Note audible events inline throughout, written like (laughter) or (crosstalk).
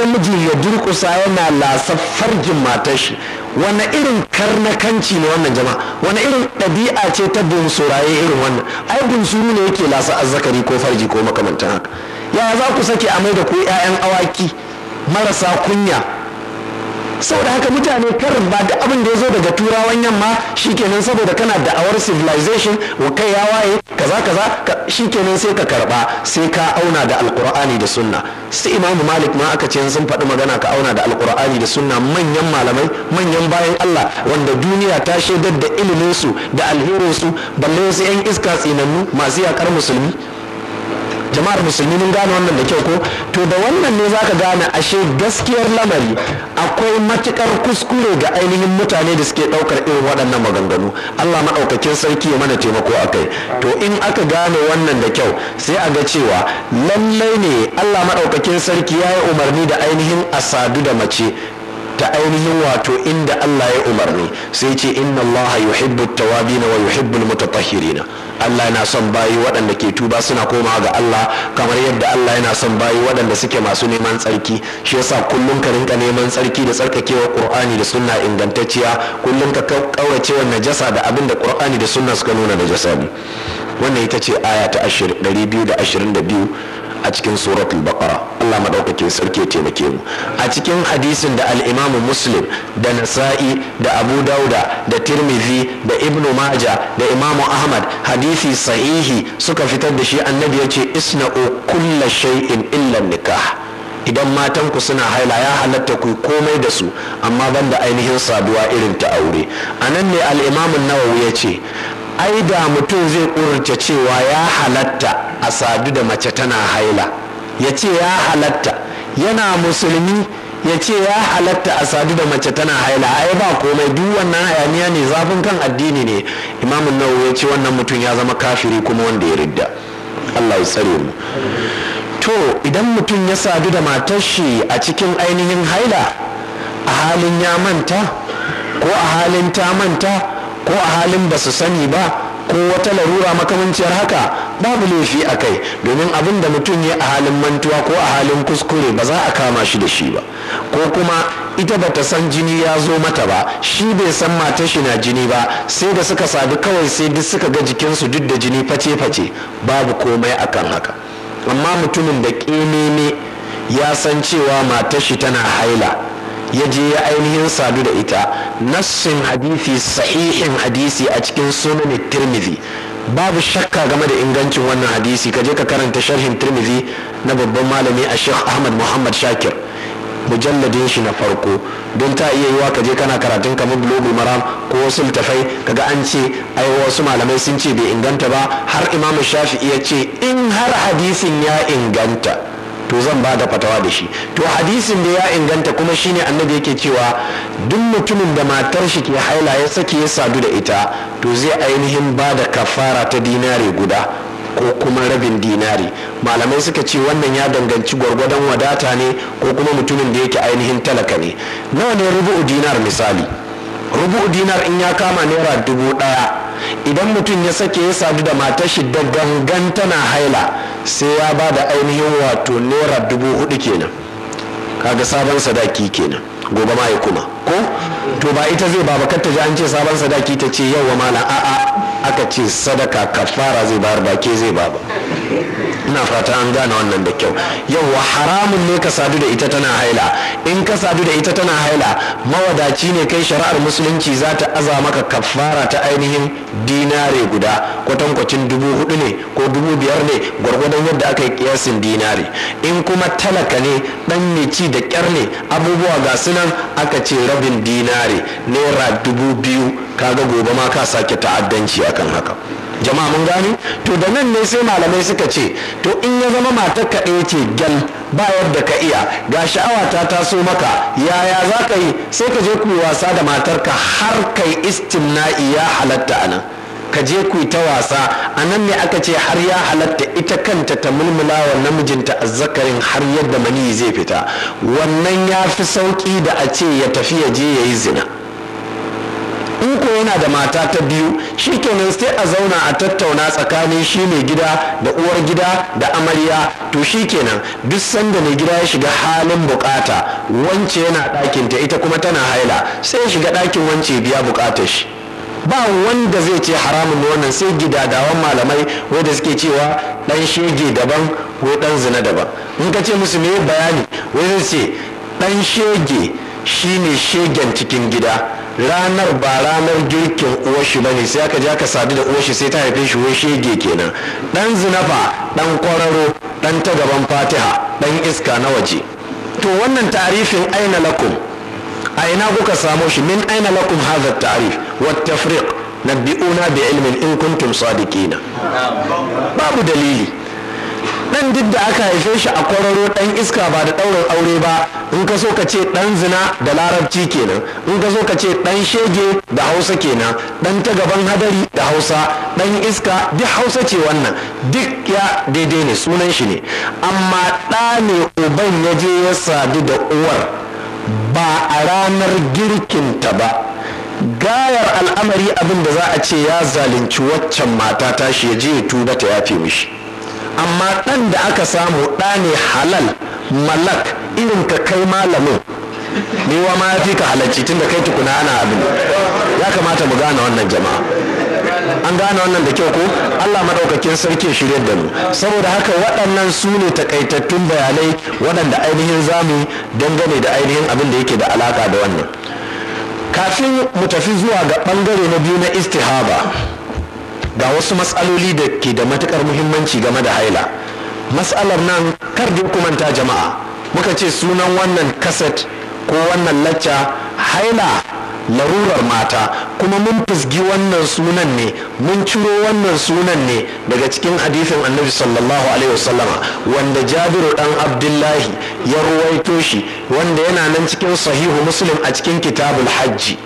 namiji ya durkusa yana lasa farjin matar shi wani irin karnakanci ne wannan jama'a wani irin ɗabi'a ce ta bunsuraye irin wannan ai bunsuru ne yake lasa azzakari ko farji ko makamantan haka ya za ku sake amai da ku 'ya'yan awaki marasa kunya saboda haka mutane karin ba da abin da ya zo daga turawan yamma shi shikenan saboda kana da'awar civilization wa kai ya waye kaza kaza shikenan sai ka karba sai ka auna da alkur'ani da sunna su imamu malik ma aka ce sun faɗi magana ka auna da alkur'ani da sunna manyan malamai manyan bayan allah wanda duniya ta shaidar da iliminsu da alherinsu balle wasu 'yan iska tsinannu masu yakar musulmi jama'ar musulmi mun gane wannan da kyau ko to da wannan ne zaka gane ashe gaskiyar lamari akwai matukar kuskure ga ainihin mutane da suke daukar irin waɗannan maganganu Allah maɗaukakin sarki ya mana taimako akai to in aka gane wannan da kyau sai a ga cewa lallai ne Allah maɗaukakin sarki ya yi umarni da ainihin asadu da mace ta ainihin wato inda Allah ya umarni sai ce inna Allah yuhibbu tawabina wa yuhibbu mutatahhirina Allah yana son bayi waɗanda ke tuba suna komawa ga Allah kamar yadda Allah yana son bayi waɗanda suke masu neman tsarki shi yasa kullum ka rinka neman tsarki da tsarkakewa Qur'ani da sunna ingantacciya kullum ka kaurace wa najasa da abin da Qur'ani da sunna suka nuna najasa ne wannan ita ce aya ta 222 a cikin suratul baqara Allah maɗaukakin sarki taimake mu a cikin hadisin da al-Imam Muslim da Nasa'i da Abu Dauda da Tirmidhi da Ibn Majah da Imam Ahmad hadisi sahihi suka fitar da shi annabi ya ce isna'u kulla shay'in illa nikah idan matanku suna haila ya halatta ku komai da su amma banda ainihin sabuwa irin ta aure anan ne al-Imam Nawawi ya ce ai da mutum zai ƙurta cewa ya halatta a sadu da mace tana haila ya ce ya halatta yana musulmi ya ce ya halatta a sadu da mace tana haila ai ba komai duk wannan hayaniya ne zafin kan addini ne imamun nawawi ya ce wannan mutum ya zama kafiri kuma wanda ya ridda allah ya tsare mu to idan mutum ya sadu da matar shi a cikin ainihin haila a halin ya manta ko a halin ta manta ko a halin ba su sani ba ko wata larura makamanciyar haka babu laifi a kai domin abin da mutum ya a halin mantuwa ko a halin kuskure ba za a kama shi da shi ba ko kuma ita ba ta san jini ya zo mata ba shi bai san mata shi na jini ba sai da suka sadu kawai sai duk suka ga jikinsu duk da jini face-face babu komai akan haka amma mutumin da ƙememe ya san cewa matar shi tana haila ya je ya ainihin sadu da ita nassin hadisi sahihin hadisi a cikin sunan tirmidhi babu shakka game da ingancin wannan hadisi ka je ka karanta sharhin tirmidhi na babban malami a sheikh ahmad muhammad shakir mujalladin shi na farko don ta iya yiwa ka je kana karatun kamar bulogul maram ko wasu littafai kaga an ce ai wasu malamai sun ce bai inganta ba har imam shafi'i ya ce in har hadisin ya inganta to zan ba da fatawa da shi to hadisin da ya inganta kuma shine annabi yake cewa duk mutumin da matar shi ke haila ya sake ya sadu da ita to zai ainihin ba da kafara ta dinare guda ko kuma rabin dinari malamai suka ce wannan ya danganci gwargwadon wadata ne ko kuma mutumin da yake ainihin talaka ne nawa ne rubu'u dinar misali rubu'u dinar in ya kama naira dubu ɗaya idan mutum ya sake ya sadu da matar shi da gangan tana haila sai ya ba da ainihin wato naira dubu hudu kenan kaga sabon sadaki kenan gobe ma kuma ko to ba ita zai ba kar ta ji an ce sabon sadaki ta ce yau wa malam a'a aka ce sadaka kafara zai bayar ba ke zai ba ba ina fata an gane wannan da kyau yauwa haramun ne ka sadu da ita tana haila in ka sadu da ita tana haila mawadaci ne kai shari'ar musulunci za ta aza maka kafara ta ainihin dinare guda kwatankwacin dubu hudu ne ko dubu biyar ne gwargwadon yadda aka yi kiyasin dinare in kuma talaka ne dan ne ci da kyar ne abubuwa ga sunan aka ce rabin dinare naira dubu biyu kaga gobe ma ka sake ta'addanci akan haka jama'a mun gani to da nan ne sai malamai suka ce to in ya zama matar ka ɗaya ce gyal ba yadda ka iya ga sha'awa ta taso maka yaya za ka yi sai ka je ku yi wasa da matarka har kai istimna'i ya halatta a nan ka je ku ta wasa a nan ne aka ce har ya halatta ita kanta ta mulmula wa namijinta azzakarin har yadda mani zai fita wannan ya fi sauki da a ce ya tafi ya je ya yi zina in ko yana da mata ta biyu shi kenan sai a zauna a tattauna tsakanin shi mai gida da uwar gida da amarya to shi kenan duk sanda mai gida ya shiga halin bukata wance yana ɗakin ta ita kuma tana haila sai ya shiga ɗakin wance biya bukatar shi ba wanda zai ce haramun da wannan sai dawan malamai wanda suke cewa dan shege daban ko dan zina daban in ka ce musu me bayani wai zai ce dan shege shine shegen cikin gida ranar ba ranar girkin uwashi ba ne sai aka ja ka sadu da uwashi sai ta haife shi wai shege kenan dan zinafa dan kwararo dan ta gaban fatiha dan iska na waje to wannan tarifin aina lakum a ina kuka samo shi min aina lakum hadha tarif wa tafriq nabbi'una bi ilmin in kuntum sadiqina babu dalili dan duk da aka haife shi a kwararo dan iska ba da ɗaurin aure ba in ka so ka ce dan zina da larabci kenan in ka so ka ce dan shege da hausa kenan dan ta gaban hadari da hausa dan iska duk hausa ce wannan duk ya daidai ne sunan shi ne amma ɗa ne uban ya je ya sadu da uwar ba a ranar girkin ta ba gayar al'amari abin da za a ce ya zalunci waccan mata ta shi ya je ya tuba ta yafe mishi amma ɗan da aka samu ɗa ne halal malak irin ka kai malamin wa ma fi ka halarci tun da kai tukuna ana abin ya kamata mu gane wannan jama'a an gane wannan da kyau ko allah maɗaukakin sarki shirya da mu saboda haka waɗannan su ne takaitattun bayanai waɗanda ainihin zamu dangane da ainihin abin da yake da alaka da wannan kafin mu tafi zuwa ga ɓangare na biyu na istihaba ga wasu matsaloli da ke da matukar muhimmanci game da haila matsalar nan kar da kumanta jama'a muka ce sunan wannan kaset ko wannan lacca haila larurar mata kuma mun fisgi wannan sunan ne mun ciro wannan sunan ne daga cikin hadisin annabi sallallahu alaihi wasallama wanda jabiru dan abdullahi ya ruwaito shi wanda yana nan cikin sahihu muslim a cikin kitabul hajji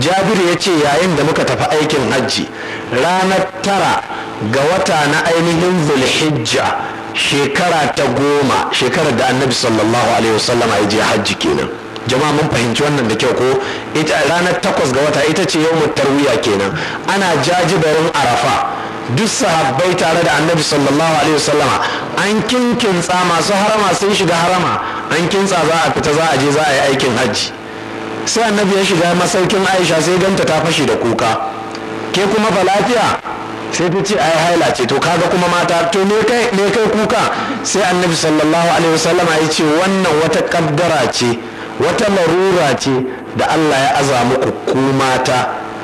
jabiru ya ce yayin da muka tafi aikin hajji ranar tara ga wata na ainihin zulhijja shekara ta goma shekarar da annabi sallallahu alaihi wasallama ya je hajji kenan jama'a mun fahimci wannan da kyau ko ita ranar takwas ga wata ita ce yau wuya kenan ana jajibarin arafa duk sahabbai tare da annabi sallallahu alaihi wasallama an kinkintsa masu harama sun shiga harama an kintsa za a fita za a je za a yi aikin hajji sai annabi ya shiga masaukin aisha sai ganta ta fashe da kuka ke kuma ba lafiya sai ta ce ai haila ce to kaga kuma mata to me kai kuka sai annabi sallallahu alaihi wasallama ya ce wannan wata kaddara ce wata larura ce da Allah ya aza muku ku mata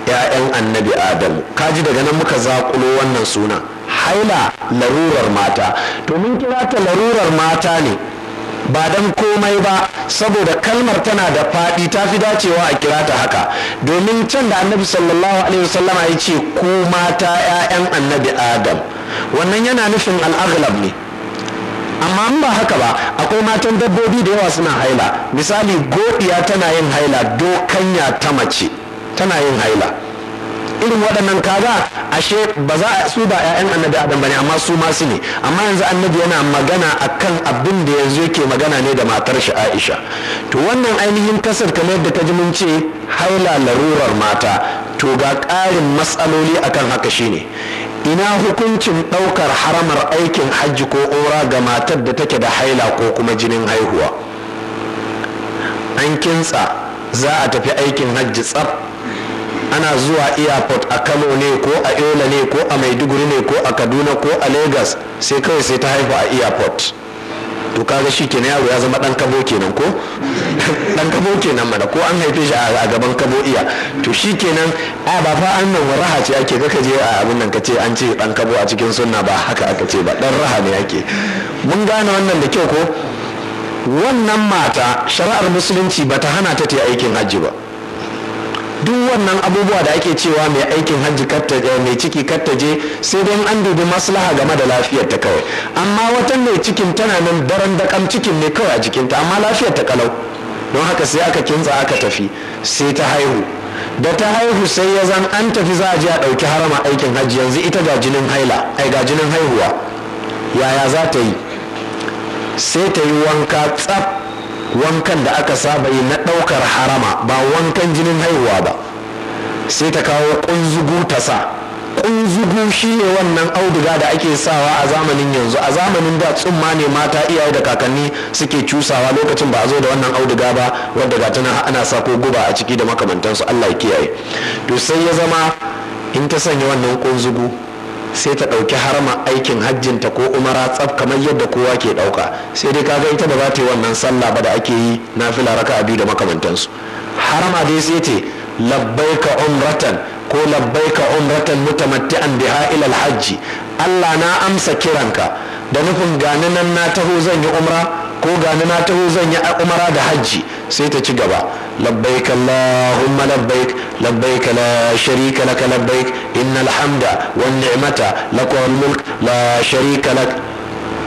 ‘ya'yan annabi Adamu kaji daga nan muka zaƙulo wannan suna haila larurar mata to mun kira ta larurar mata ne ba don komai ba saboda kalmar tana da faɗi ta fi dacewa a kira ta haka domin can da annabi sallallahu alaihi wasallama ya ce ku mata ‘ya'yan annabi Adam wannan yana nufin al'aglab ne amma an ba haka ba akwai matan dabbobi da yawa suna haila misali godiya tana yin haila dokanya ta mace tana yin haila irin waɗannan kaza ashe ba za a su ba 'ya'yan annabi adam bane amma su masu ne amma yanzu annabi yana magana akan abin da yanzu yake magana ne da matar shi aisha to wannan ainihin kasar kamar yadda ta ji mun ce haila larurar mata to ga ƙarin matsaloli akan haka shine ina hukuncin ɗaukar haramar aikin hajji ko ƙora ga matar da take da haila ko kuma jinin haihuwa an kintsa za a tafi aikin hajji tsab ana zuwa airport a kano ne ko a yola ne ko a maiduguri ne ko a kaduna ko a Legas? sai kawai sai ta haifa a airport to kaga shi kenan yaro ya zama dan kabo kenan ko dan (laughs) kabo kenan mana ko an haife shi a gaban kabo iya to shi kenan a ba fa nan raha ce ake kaka je a abin nan kace an ce dan kabo a cikin sunna ba haka aka ce ba dan raha ne yake mun gane wannan da kyau ko wannan mata shari'ar musulunci bata hana ta ta aikin hajji ba duk wannan abubuwa da ake cewa mai aikin hajji mai ciki kattaje sai dai an dubi maslaha game da lafiyar ta kawai amma wata mai cikin tana nan daren kam cikin ne kawai a jikinta amma lafiyar ta kalau don haka sai aka kintsa aka tafi sai ta haihu da ta haihu sai ya zan an tafi za a je a ɗauki harama aikin hajji yanzu ita ga jinin haila ai ga jinin haihuwa yaya za ta yi sai ta yi wanka tsaf wankan da aka saba yi na ɗaukar harama ba wankan jinin haihuwa ba sai ta kawo ƙunzugu ta sa ƙunzugu shi ne wannan auduga da ake sawa a zamanin yanzu a zamanin da tsumma ne mata iyaye da kakanni suke cusawa lokacin ba a zo da wannan auduga ba wadda ga tana ana sa ko guba a ciki da makamantansu allah ya kiyaye to sai ya zama in ta sanya wannan ƙunzugu sai ta ɗauki harama aikin hajjinta ko umara tsaf kamar yadda kowa ke ɗauka sai dai kaga ita ba za ta yi wannan sallah ba da ake yi na fila raka a biyu da makamantansu harama dai sai labbai ka umratan ko labbai ka umratan an biha ilal hajji Allah na amsa kiranka da nufin gani nan na taho zan yi umra ko ga na taho zan yi umara da hajji sai ta ci gaba labbaik allahumma labbaik labbaik la sharika laka labbaik innal hamda wan ni'mata lakal mulk la sharika lak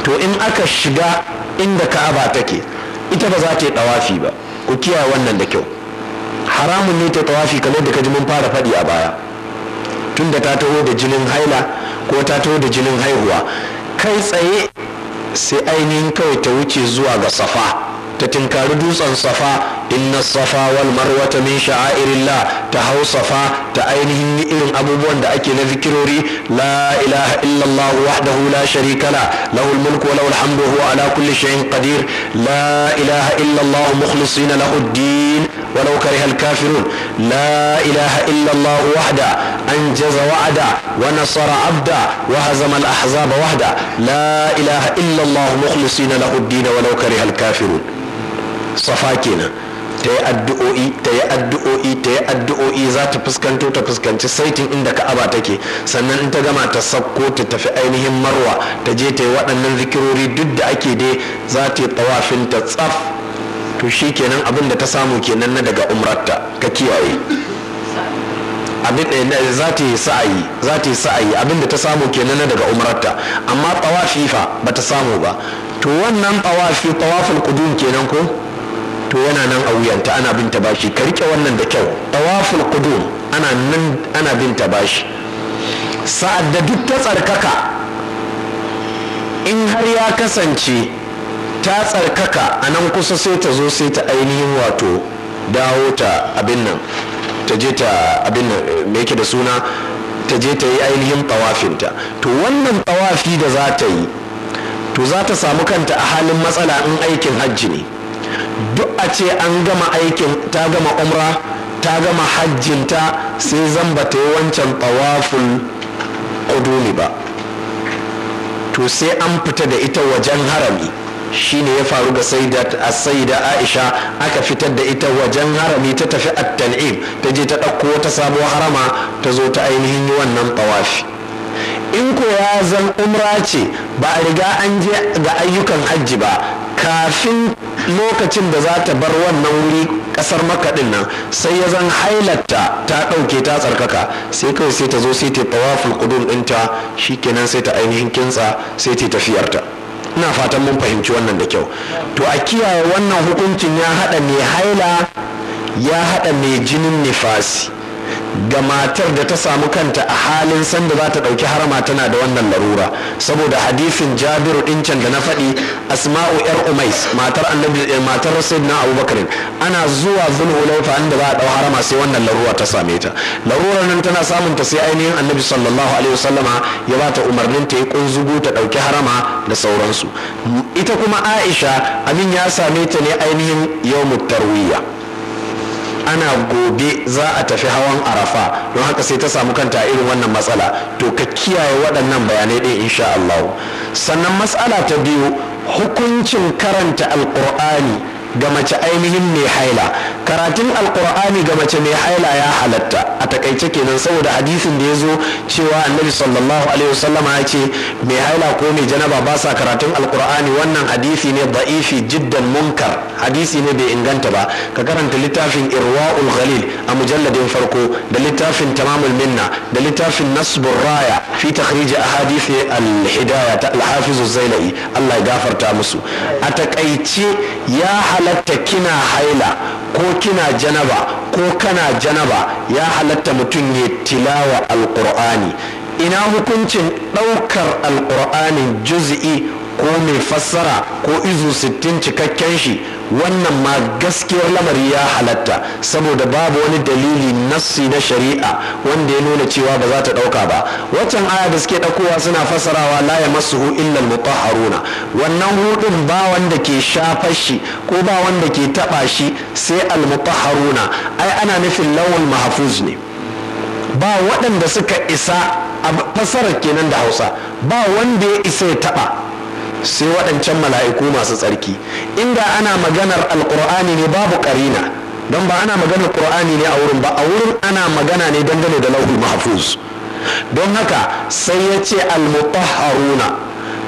to in aka shiga inda ka'aba take ita ba za ta yi tawafi ba ku kiyaye wannan da kyau haramun ne ta tawafi kamar da kaji mun fara faɗi a baya tunda ta taho da jinin haila ko ta taho da jinin haihuwa kai tsaye sai ainihin kawai ta wuce zuwa ga safa ta tinkari dutsen safa inna safa wal marwata min sha'airillah ta hau safa ta ainihin irin abubuwan da ake na zikirori la ilaha illallah wahdahu la sharika la lahul mulku wa lahul hamdu huwa ala kulli shay'in qadir la ilaha illallah mukhlisina lahu din ولو كره الكافرون لا إله إلا الله وحده أنجز وعده ونصر عبده وهزم الأحزاب وحده لا إله إلا الله مخلصين له الدين ولو كره الكافرون صفاكينا ta yi addu'o'i ta yi addu'o'i ta yi addu'o'i za ta fuskanto ta fuskanci saitin inda ka'aba take sannan in ta gama ta sakko ta tafi ainihin marwa ta je ta yi waɗannan zikirori duk da ake dai za ta yi tsawafin ta tsaf to shi kenan abin da ta samu kenan na daga umrarta ka kiyaye abin da za ta yi sa'ayi za ta yi sa'ayi abin da ta samu kenan na daga umrarta amma tsawafi fa ta samu ba to wannan tsawafi tsawafin kudun kenan ko to yana nan a wuyanta ana binta bashi ka rike wannan da kyau tawaful kudu ana nan ana binta bashi sa'ad da duk ta tsarkaka in har ya kasance ta tsarkaka a nan kusa sai ta zo sai ta ainihin wato dawo ta abin nan ta je ta abin nan eh, me yake da suna ta je ta yi ainihin tawafinta to wannan tawafi da za ta yi to za ta samu kanta a halin matsala in aikin hajji ne duk a ce an gama aikin ta gama umra ta gama hajjinta sai zan ba ta yi wancan tawaful kuduni ba to sai an fita da ita wajen harami shine ya faru ga saida aisha aka fitar da ita wajen harami ta tafi at-tan'im ta je ta ɗauko wata sabuwar harama ta zo ta ainihin yi wannan tawafi in ko ya zan umra ce ba a riga an je ga ayyukan hajji ba kafin lokacin da za ta bar wannan wuri kasar makaɗin nan sai ya zan hailatta ta ɗauke ta tsarkaka sai kawai sai ta zo sai ta tawaful kudum ɗinta kenan sai ta ainihin kintsa sai ta tafiyarta ina fatan mun fahimci wannan da kyau to a kiyaye wannan hukuncin ya haɗa mai haila ya haɗa mai jinin nifasi ga matar da ta samu kanta a halin sanda za ta ɗauki harama tana da wannan larura saboda hadifin jabiru ɗincan da na faɗi asma'u yar umais matar annabi eh, matar na abubakar ana zuwa laifa inda za a ɗau harama sai wannan larura ta same ta Larura nan tana samun ta sai ainihin annabi sallallahu alaihi wasallama ya ba ta umarnin ta yi kunzugu ta ɗauki harama da sauransu ita kuma aisha abin ya same ta ne ainihin yawmut tarwiyya ana gobe za a tafi hawan arafa don haka sai ta samu kanta a irin wannan matsala to ka kiyaye waɗannan bayanai ɗin insha Allah sannan matsala ta biyu hukuncin karanta alkur'ani. ga mace ainihin mai haila karatun alkur'ani ga mace mai haila ya halatta a takaice kenan saboda hadisin da ya zo cewa annabi sallallahu alaihi wasallam ya ce mai haila ko mai janaba ba sa karatun alkur'ani wannan hadisi ne da'ifi jiddan munkar hadisi ne bai inganta ba ka karanta littafin irwa'ul ghalil a mujalladin farko da littafin tamamul minna da littafin nasbur raya fi takhrij ahadith al-hidayah ta al-hafiz az-zailai Allah ya gafarta musu a takaice ya halatta kina haila ko kina janaba ko kana janaba ya halatta mutum ya tilawa alkur'ani ina hukuncin ɗaukar alkur'anin juz'i ko mai fassara ko izu sittin cikakken shi wannan ma gaskiyar lamari ya halatta saboda babu wani dalili nassi na shari'a wanda ya nuna cewa ba za ta ɗauka ba waccan aya da suke ɗaukowa suna fassarawa la ya masuhu illal mutahharuna wannan hudun ba wanda ke shafar shi ko ba wanda ke taba shi sai al mutahharuna ai ana nufin lawan mahfuz ne ba waɗanda suka isa a fassarar kenan da hausa ba wanda ya isa ya taba sai waɗancan mala'iku masu tsarki inda ana maganar alƙur'ani ne babu ƙarina don ba ana maganar ƙur'ani ne a wurin ba a wurin ana magana ne dangane da lauhi mahfuz don haka sai ya ce almutahharuna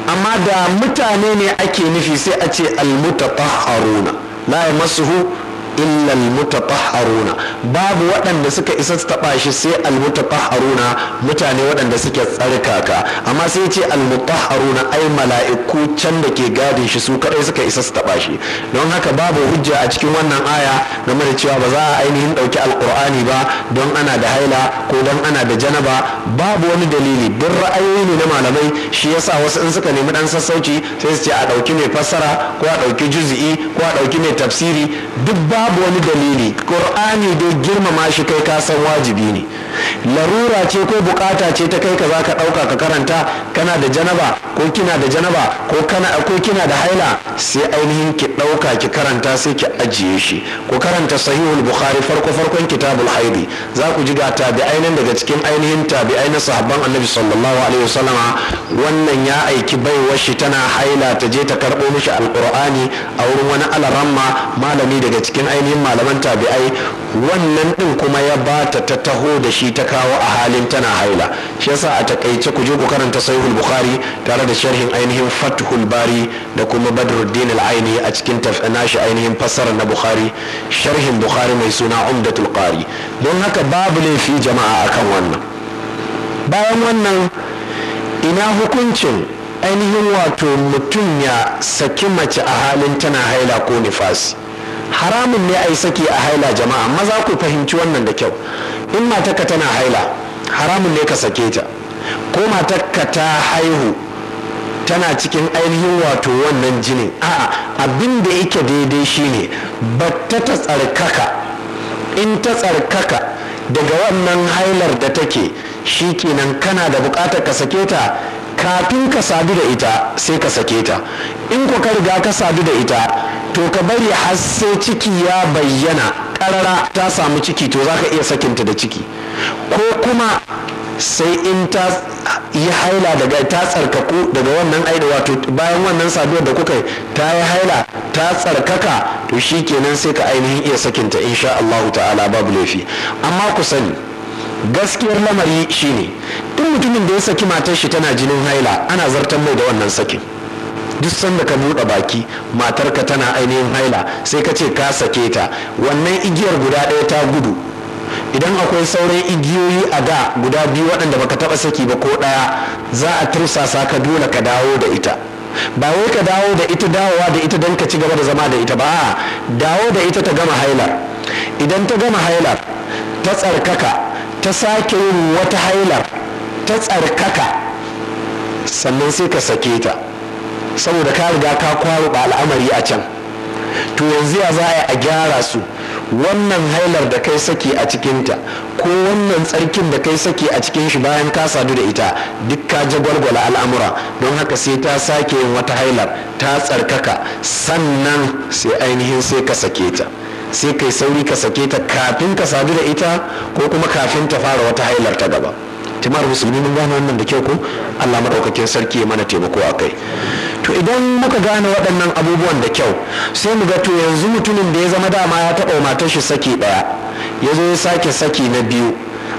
amma da mutane ne ake nufi sai a ce almutahharuna la yamassuhu illa mutatahharuna babu waɗanda suka isa su taɓa shi sai almutatahharuna mutane waɗanda suke tsarkaka amma sai ce almutatahharuna ai mala'iku can da ke gadin shi su kadai suka isa su taɓa shi don haka babu hujja a cikin wannan aya game da cewa ba za a ainihin ɗauki alƙur'ani ba don ana da haila ko don ana da janaba babu wani dalili duk ra'ayoyi ne na malamai shi yasa wasu in suka nemi ɗan sassauci sai su ce a ɗauki mai fassara ko a ɗauki juzi'i ko a ɗauki mai tafsiri duk ba babu wani dalili ƙur'ani dai girmama shi kai kasan wajibi ne larura ce ko bukata ce ta kai ka za ka ɗauka ka karanta kana da janaba ko kina da janaba ko kana ko kina da haila sai ainihin ki ɗauka ki karanta sai ki ajiye shi ku karanta sahihul bukhari farko farkon kitabul haidi za ku ji ga tabi'ai daga cikin ainihin tabi'ai na sahabban annabi sallallahu alaihi wasallama wannan ya aiki bai shi tana haila ta je ta karɓo mishi alqur'ani a wurin wani alaramma malami daga cikin ainihin malaman tabi'ai wannan din kuma ya bata ta taho da shi shi ta kawo a halin tana haila shi yasa a takaice ku je ku karanta sahihul bukhari tare da sharhin ainihin fathul bari da kuma badruddin al-aini a cikin shi ainihin fassara na bukhari sharhin bukhari mai suna umdatul qari don haka babu laifi jama'a akan wannan bayan wannan ina hukuncin ainihin wato mutum ya saki mace a halin tana haila ko nifasi haramun ne a yi saki a haila jama'a maza ku fahimci wannan da kyau in matarka tana haila haramun ne ka sake ta ko matarka ta haihu tana cikin ainihin wato wannan jinin a'a abin da yake daidai shine batta ta tsarkaka in ta tsarkaka daga wannan hailar da take shi kenan kana da bukatar ka sake ta kafin ka sadu da ita sai ka sake ta in ku ka riga ka sadu da ita to ka bari har sai ciki ya bayyana karara ta samu ciki to za ka iya sakinta da ciki ko kuma sai in ta yi haila daga ta tsarkaku daga wannan aida wato bayan wannan saduwar da kuka ta yi haila ta tsarkaka to shi kenan sai ka ainihin iya sakinta insha Allahu ta'ala babu laifi amma ku sani gaskiyar lamari shine duk mutumin da ya saki matar shi tana jinin haila ana zartan mai da wannan sakin duk sanda ka buɗe baki matarka tana ainihin haila sai ka ce ka sake ta wannan igiyar guda ɗaya ta gudu idan akwai sauran igiyoyi a da guda biyu waɗanda baka taɓa saki ba ko ɗaya za a tursasa ka dole ka dawo da ita ba wai ka dawo da ita dawowa da ita don ka ci gaba da zama da ita ba a dawo da ita ta gama hailar idan ta gama hailar ta tsarkaka ta sake yin wata hailar ta tsarkaka sannan sai ka sake ta saboda ka riga ka ba al'amari a can to yanzu ya za a gyara su wannan hailar da kai saki a cikinta ko wannan tsarkin da kai sake a cikin shi bayan ka sadu da ita duk ka ji gwalgwala al'amura don haka sai ta sake yin wata hailar ta tsarkaka sannan sai ainihin sai ka sake ta sai kai sauri ka sake ta kafin ka sadu da ita ko kuma kafin ta fara wata hailar ta gaba timar musulmi mun gane wannan da kyau ko allah maɗaukakin sarki ya mana taimako a kai to idan muka gane waɗannan abubuwan da kyau sai mu ga to yanzu mutumin da ya zama dama ya taɓa matar shi saki ɗaya ya zo ya sake saki na biyu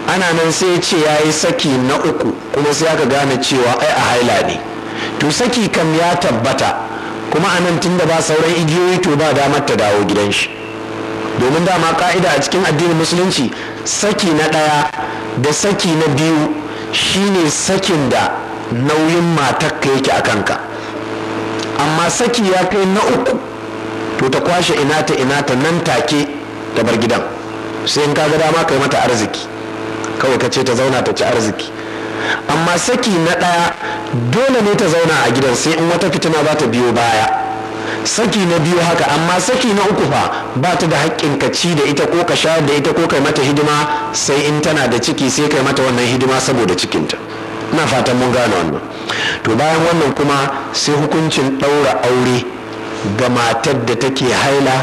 ana nan sai ya ce ya yi saki na uku kuma sai aka gane cewa ai a haila ne to saki kam ya tabbata kuma a nan tun da ba sauran igiyoyi to ba damar ta dawo gidan shi domin dama ka'ida a cikin addinin musulunci saki na ɗaya da saki na biyu shine sakin da nauyin matakka yake a kanka amma saki ya kai na uku to ta kwashe ina ta ina ta nan take ta bar gidan sai in ka ga dama kai mata arziki kawai ka ce ta zauna ta ci arziki amma saki na ɗaya dole ne ta zauna a gidan sai in wata fitina za ta biyo baya saki na biyu haka amma saki na uku fa ba ta da haƙƙin ka ci da ita ko ka sha da ita ko kai mata hidima sai in tana da ciki sai kai mata wannan hidima saboda cikinta na fatan mun gane wannan to bayan wannan kuma sai hukuncin ɗaura aure ga matar da take haila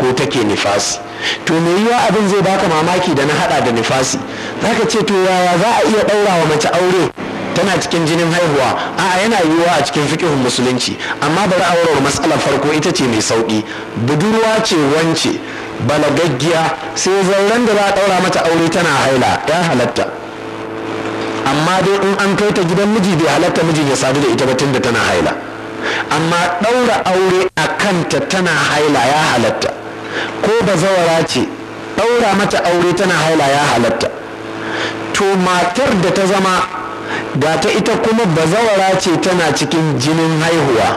ko take nifasi to me yiwa abin zai baka mamaki da na hada da nifasi zaka ce to yaya za a iya ɗaura wa mace aure tana cikin jinin haihuwa a yana yiwuwa a cikin fikihun musulunci amma bari aurar matsalar farko ita ce mai sauki budurwa ce wance balagaggiya sai zauren da za a ɗaura mata aure tana haila ya halatta amma dai in an kai ta gidan miji bai halatta miji ya sadu da ita ba tunda tana haila amma ɗaura aure a kanta tana haila ya halatta ko ba zawara ce ɗaura mata aure tana haila ya halatta to matar da ta zama ga ta ita kuma ba zawara ce tana cikin jinin haihuwa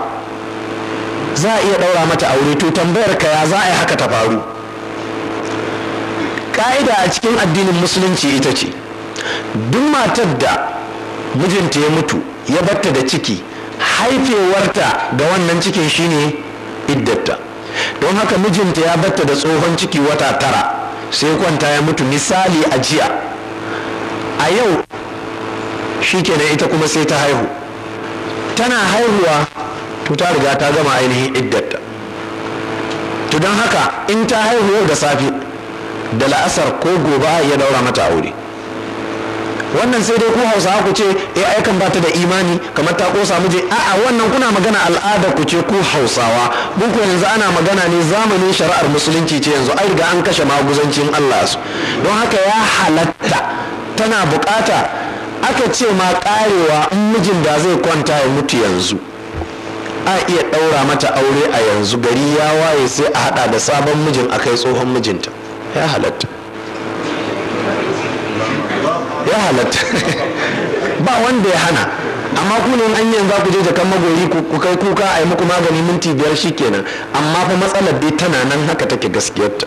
za a iya ɗaura mata aure to tambayar ka ya za a yi haka ta faru ƙa'ida a cikin addinin musulunci ita ce duk matar da mijinta ya mutu ya batta da ciki haifewarta ga wannan cikin shine iddata don haka mijinta ya batta da tsohon ciki wata tara sai kwanta ya mutu misali a jiya a yau shi kenan ita kuma sai ta haihu tana haihuwa to ta riga ta gama ainihin iddatta to don haka in ta haihu yau da safe da la'asar ko gobe ya daura mata aure wannan sai dai ku hausawa ku ce eh ai kan bata da imani kamar ta kosa muje a'a wannan kuna magana al'ada ku ce ku hausawa mun ko yanzu ana magana ne zamanin shari'ar musulunci ce yanzu ai riga an kashe maguzancin Allah su don haka ya halatta tana bukata aka ce ma karewa in mijin da zai kwanta ya mutu yanzu a iya ɗaura mata aure a yanzu gari ya waye sai a haɗa da sabon mijin a tsohon mijinta ya halatta ya halatta (laughs) ba wanda ya hana amma ku ne an yanzu ku je jakan magori ku kai kuka a yi muku magani minti biyar shi kenan amma fa matsalar dai tana nan haka take gaskiyarta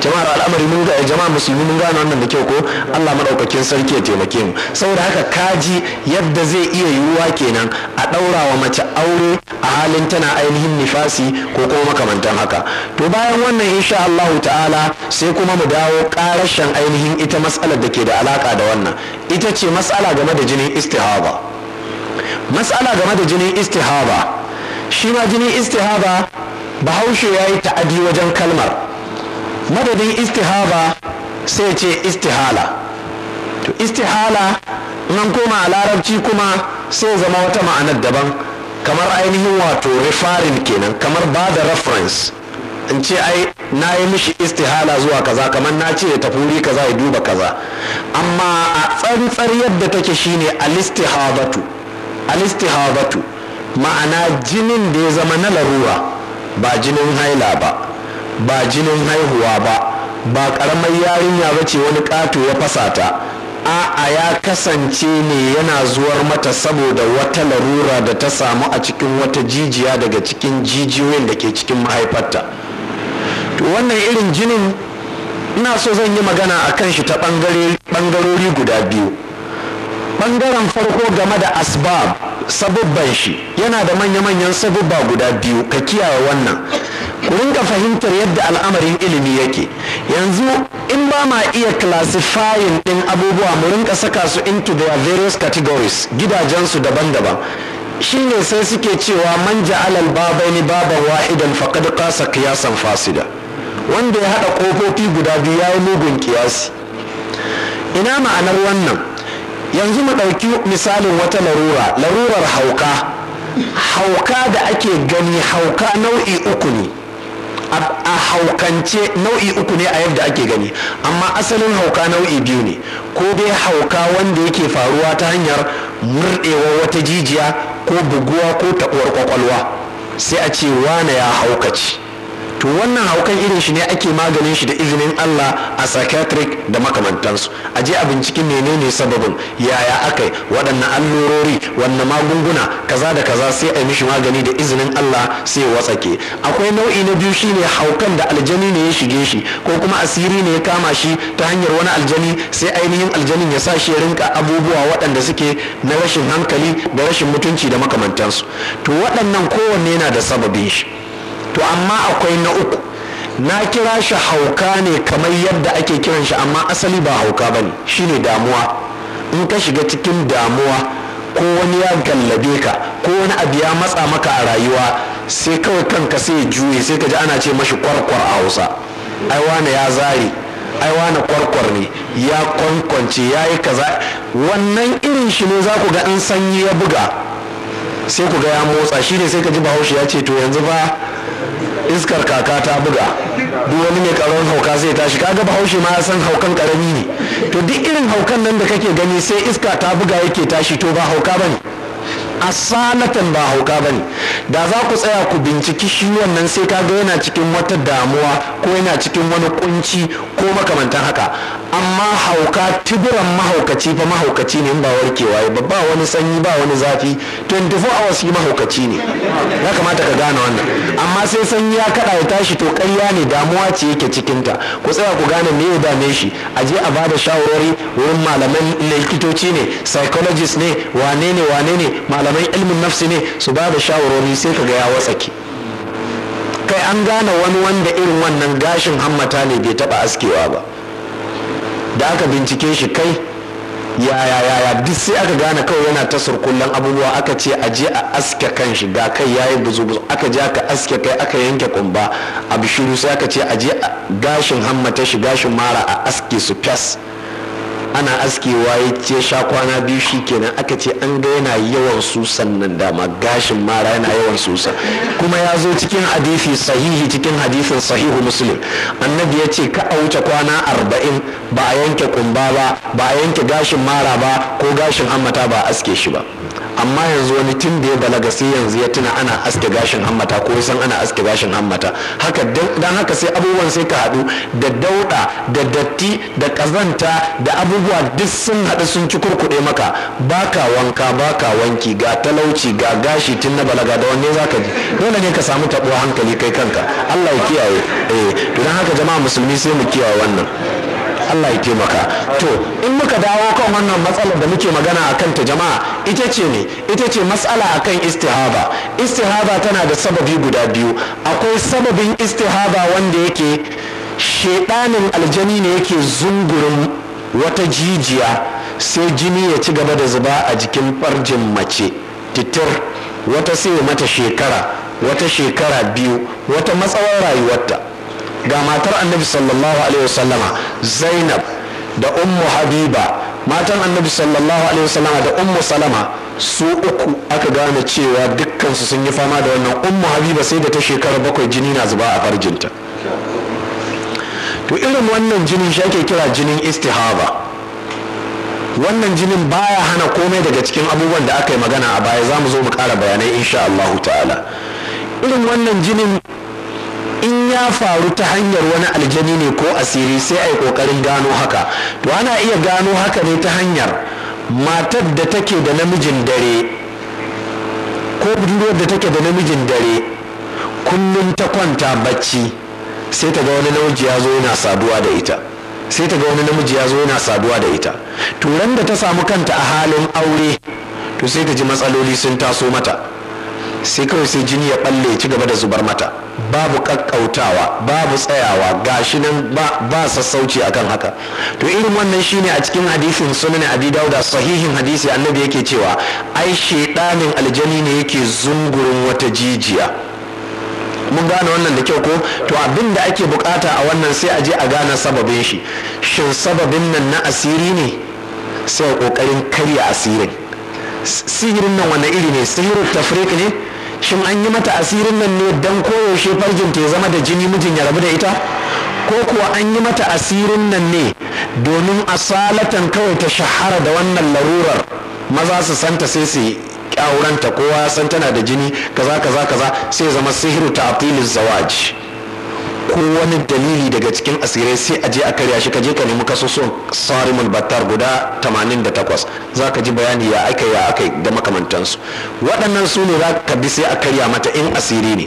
jama'ar al'amari mun ga jama'a musulmi mun gane wannan da kyau ko Allah madaukakin sarki ya taimake mu saboda haka kaji yadda zai iya yiwuwa kenan a daura wa mace aure a halin tana ainihin nifasi ko kuma makamantan haka to bayan wannan insha Allah ta'ala sai kuma mu dawo karashin ainihin ita mas'alar da ke da alaka da wannan ita ce mas'ala game da jinin istihaba mas'ala game da jinin istihaba shi ma jinin istihaba bahaushe ya yi ta'adi wajen kalmar madadin istihaba sai ce istihala to istihala nan koma a larabci kuma sai zama wata ma'anar daban kamar ainihin wato refarin kenan kamar ba da reference in ce ai na yi mishi istihala zuwa kaza kamar na ce ya tafi kaza ya duba kaza amma a tsantsar yadda take shine alistihabatu alistihabatu ma'ana jinin da ya zama na larura ba jinin haila ba ba jinin haihuwa ba ba karamar yarinya ba ce wani ƙato ya fasa ta a'a ya kasance ne yana zuwar mata saboda wata larura da ta samu a cikin wata jijiya daga cikin jijiyoyin da ke cikin mahaifarta to wannan irin jinin ina so zan yi magana a kan shi ta ɓangarori guda biyu bangaren farko game da asbab sabubban shi yana da manya-manyan sabubba guda biyu ka kiyaye wannan ku fahimtar yadda al'amarin ilimi yake yanzu in ba ma iya classifying din abubuwa mu rinka saka su into their various categories gidajensu daban-daban shi ne sai suke cewa man ja'alal babaini baban wa'idan faqad qasa qiyasan fasida wanda ya haɗa kofofi guda biyu yayi mugun ƙiyasi. ina ma'anar wannan yanzu mu ɗauki misalin wata larura larurar hauka hauka da ake gani hauka nau'i uku ne a haukance nau'i uku ne a yadda ake gani amma asalin hauka nau'i biyu ne ko dai hauka wanda yake faruwa ta hanyar murɗewa wata jijiya ko buguwa ko taɓuwar kwakwalwa sai a ce wane ya haukaci to wannan haukan irin shi ne ake maganin shi da izinin Allah a psychiatric da makamantansu a je a ne menene sababin yaya akai waɗannan allurori wanne magunguna kaza da kaza sai a yi mishi magani da izinin Allah sai ya watsake akwai nau'i na biyu shine haukan da aljani ne ya shige shi ko kuma asiri ne ya kama shi ta hanyar wani aljani sai ainihin aljanin ya sa shi ya rinka abubuwa waɗanda suke na rashin hankali da rashin mutunci da makamantansu to waɗannan kowanne yana da sababin shi to amma akwai na uku na kira shi hauka ne kamar yadda ake kiran shi amma asali ba hauka ba ne shine damuwa in ka shiga cikin damuwa ko wani ya gallabe ka ko wani abu ya matsa maka a rayuwa sai kawai kanka sai juye sai ka ji ana ce mashi kwarkwar a hausa ai wane ya zare ai wane kwarkwar ne ya kwankwance ya yi kaza wannan irin shi ne za ku ga in sanyi ya buga sai ku ga ya motsa shi ne sai ka ji bahaushe ya ce to yanzu ba iskar kaka ta buga duk wani mai karon hauka zai tashi kaga bahaushe ma ya san haukan karami ne to duk irin haukan nan da kake gani sai iska ta buga yake tashi to ba hauka bane sanatan ba hauka bane da za ku tsaya ku binciki shi wannan sai kaga yana cikin wata damuwa ko yana cikin wani kunci ko makamantan haka amma hauka tuburan mahaukaci fa mahaukaci ne ba warkewa ba ba wani sanyi ba wani zafi 24 hours yi mahaukaci ne ya kamata ka gane wannan amma sai sanyi ya kada ya tashi to karya ne damuwa ce yake cikinta ku tsaya ku gane me ya dame shi a je a bada shawarwari wurin malaman likitoci ne psychologist ne wane ne wane ne malaman ilmin nafsi ne su bada shawarwari sai ka ga ya watsake kai an gane wani wanda irin wannan gashin hammata ne bai taba askewa ba da aka bincike shi kai yaya yaya duk sai aka gane kawai yana ta surkullan abubuwa aka ce a je a aske kan shi ga kai yayi buzu buzu aka je aka aske kai aka yanke kumba a bishiru sai aka ce a je gashin hammata shi gashin mara a aske su fes ana askewa ya ce sha kwana biyu shi kenan aka ce an ga yana yawan susan nan dama gashin mara yana yawan susa kuma ya zo cikin hadisi sahihi cikin hadisin sahihu muslim annabi ya ce ka a wuce kwana arba'in ba a yanke kumba ba ba a yanke gashin mara ba ko gashin hammata ba a aske shi ba amma yanzu wani tun da ya balaga sai yanzu ya tuna ana aske gashin hammata ko san ana aske gashin hammata haka dan haka sai abubuwan sai ka haɗu da dauɗa da datti da kazanta da abubuwan abubuwa duk sun haɗu sun ci kurkuɗe maka baka wanka baka wanki ga talauci ga gashi tun na balaga da wanne zaka ji dole ne ka samu tabo hankali kai kanka Allah ya kiyaye eh to dan haka jama'a musulmi sai mu kiyaye wannan Allah ya taimaka to in muka dawo kan wannan matsalar da muke magana a kanta jama'a ita ce ne ita ce matsala akan istihaba istihaba tana da sababi guda biyu akwai sababin istihaba wanda yake shedanin aljani ne yake zungurin wata jijiya sai jini ya ci gaba da zuba a jikin farjin mace titir wata sai mata shekara wata shekara biyu wata matsawar rayuwarta ga matar annabi sallallahu alaihi wasallama zainab da ummu habiba matan annabi sallallahu alaihi wasallama da ummu salama su uku aka gane cewa dukkansu sun yi fama da wannan ummu habiba sai da ta shekara bakwai jini na zuba a farjinta to irin wannan jinin shi ake kira jinin istihaba wannan jinin baya hana komai daga cikin abubuwan da aka yi magana a baya za mu zo mu kara bayanai insha Allah ta'ala irin wannan jinin in ya faru ta hanyar wani aljani ne ko asiri sai a yi ƙoƙarin gano haka to ana iya gano haka ne ta hanyar matar da take da namijin dare ko budurwar da take da namijin dare kullum ta kwanta bacci sai ta ga wani namiji ya zo yana saduwa da ita sai ta ga wani namiji ya zo yana saduwa da ita turan da ta samu kanta a halin aure to sai ta ji matsaloli sun taso mata sai kawai sai jini ya balle ci gaba da zubar mata babu kakkautawa babu tsayawa gashi nan ba, sassauci akan haka to irin wannan shine a cikin hadisin sunan abi dauda sahihin hadisi annabi yake cewa ai shedanin aljani ne yake zungurin wata jijiya mun gane wannan da kyau ko to abin da ake bukata a wannan sai a je a gane sababin shi shin sababin nan na asiri ne sai kokarin karya asirin sihirin nan wani iri ne sihirin tafrik ne shin an yi mata asirin nan ne dan koyaushe farjin ta zama da jini mijin ya rabu da ita ko kuwa an yi mata asirin nan ne domin asalatan kawai ta shahara da wannan larurar maza su santa sai su kyauranta kowa ya san tana da jini kaza kaza kaza sai zama sihiru ta ta'tilil zawaji. ko wani dalili daga cikin asirai sai a je a karya shi ka je ka nemi kasusun sarimul battar guda 88 za ka ji bayani ya aka ya aka da makamantansu waɗannan su ne za ka bi sai a karya mata in asiri ne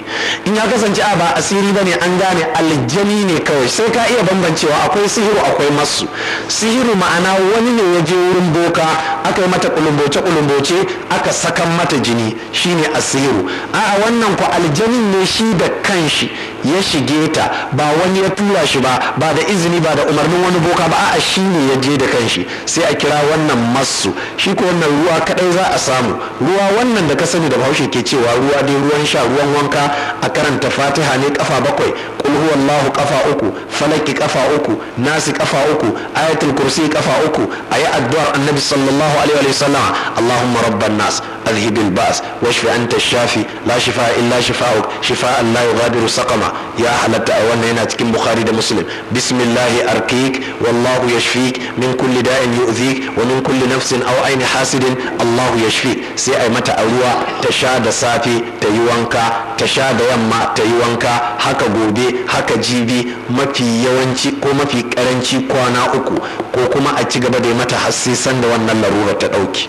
in ya kasance a ba asiri ba ne an gane aljani ne kawai sai ka iya bambancewa akwai sihiru akwai masu sihiru ma'ana wani ne ya je wurin boka aka yi mata kulumboce kulumboce aka sakan mata jini shine asiru A'a wannan ku aljanin ne shi da kanshi ya shige ta ba wani ya tura shi ba ba da izini ba da umarnin wani boka ba a shi ne ya je da kanshi sai a kira wannan masu shi ko wannan ruwa kadai za a samu ruwa wannan da ka sani da bahaushe ke cewa ruwa dai ruwan sha ruwan wanka a karanta fatiha ne kafa bakwai kul huwallahu kafa uku falaki kafa uku nasi kafa uku ayatul kursi kafa uku ayi addu'ar annabi sallallahu alaihi wa sallam allahumma rabban nas اذهب الباس واشف انت الشافي لا شفاء الا شفاؤك شفاء لا يغادر سقما ya halatta a wannan yana cikin bukhari da muslim bismillahi arkik wallahu yashfik min kulli da'in yu'zik wa min kulli nafsin aw aini hasidin allahu yashfik sai ai mata a ruwa ta sha da safe ta yi wanka ta sha da yamma ta yi wanka haka gobe haka jibi mafi yawanci ko mafi karanci kwana uku ko kuma a ci gaba da mata har sanda wannan larurar ta dauki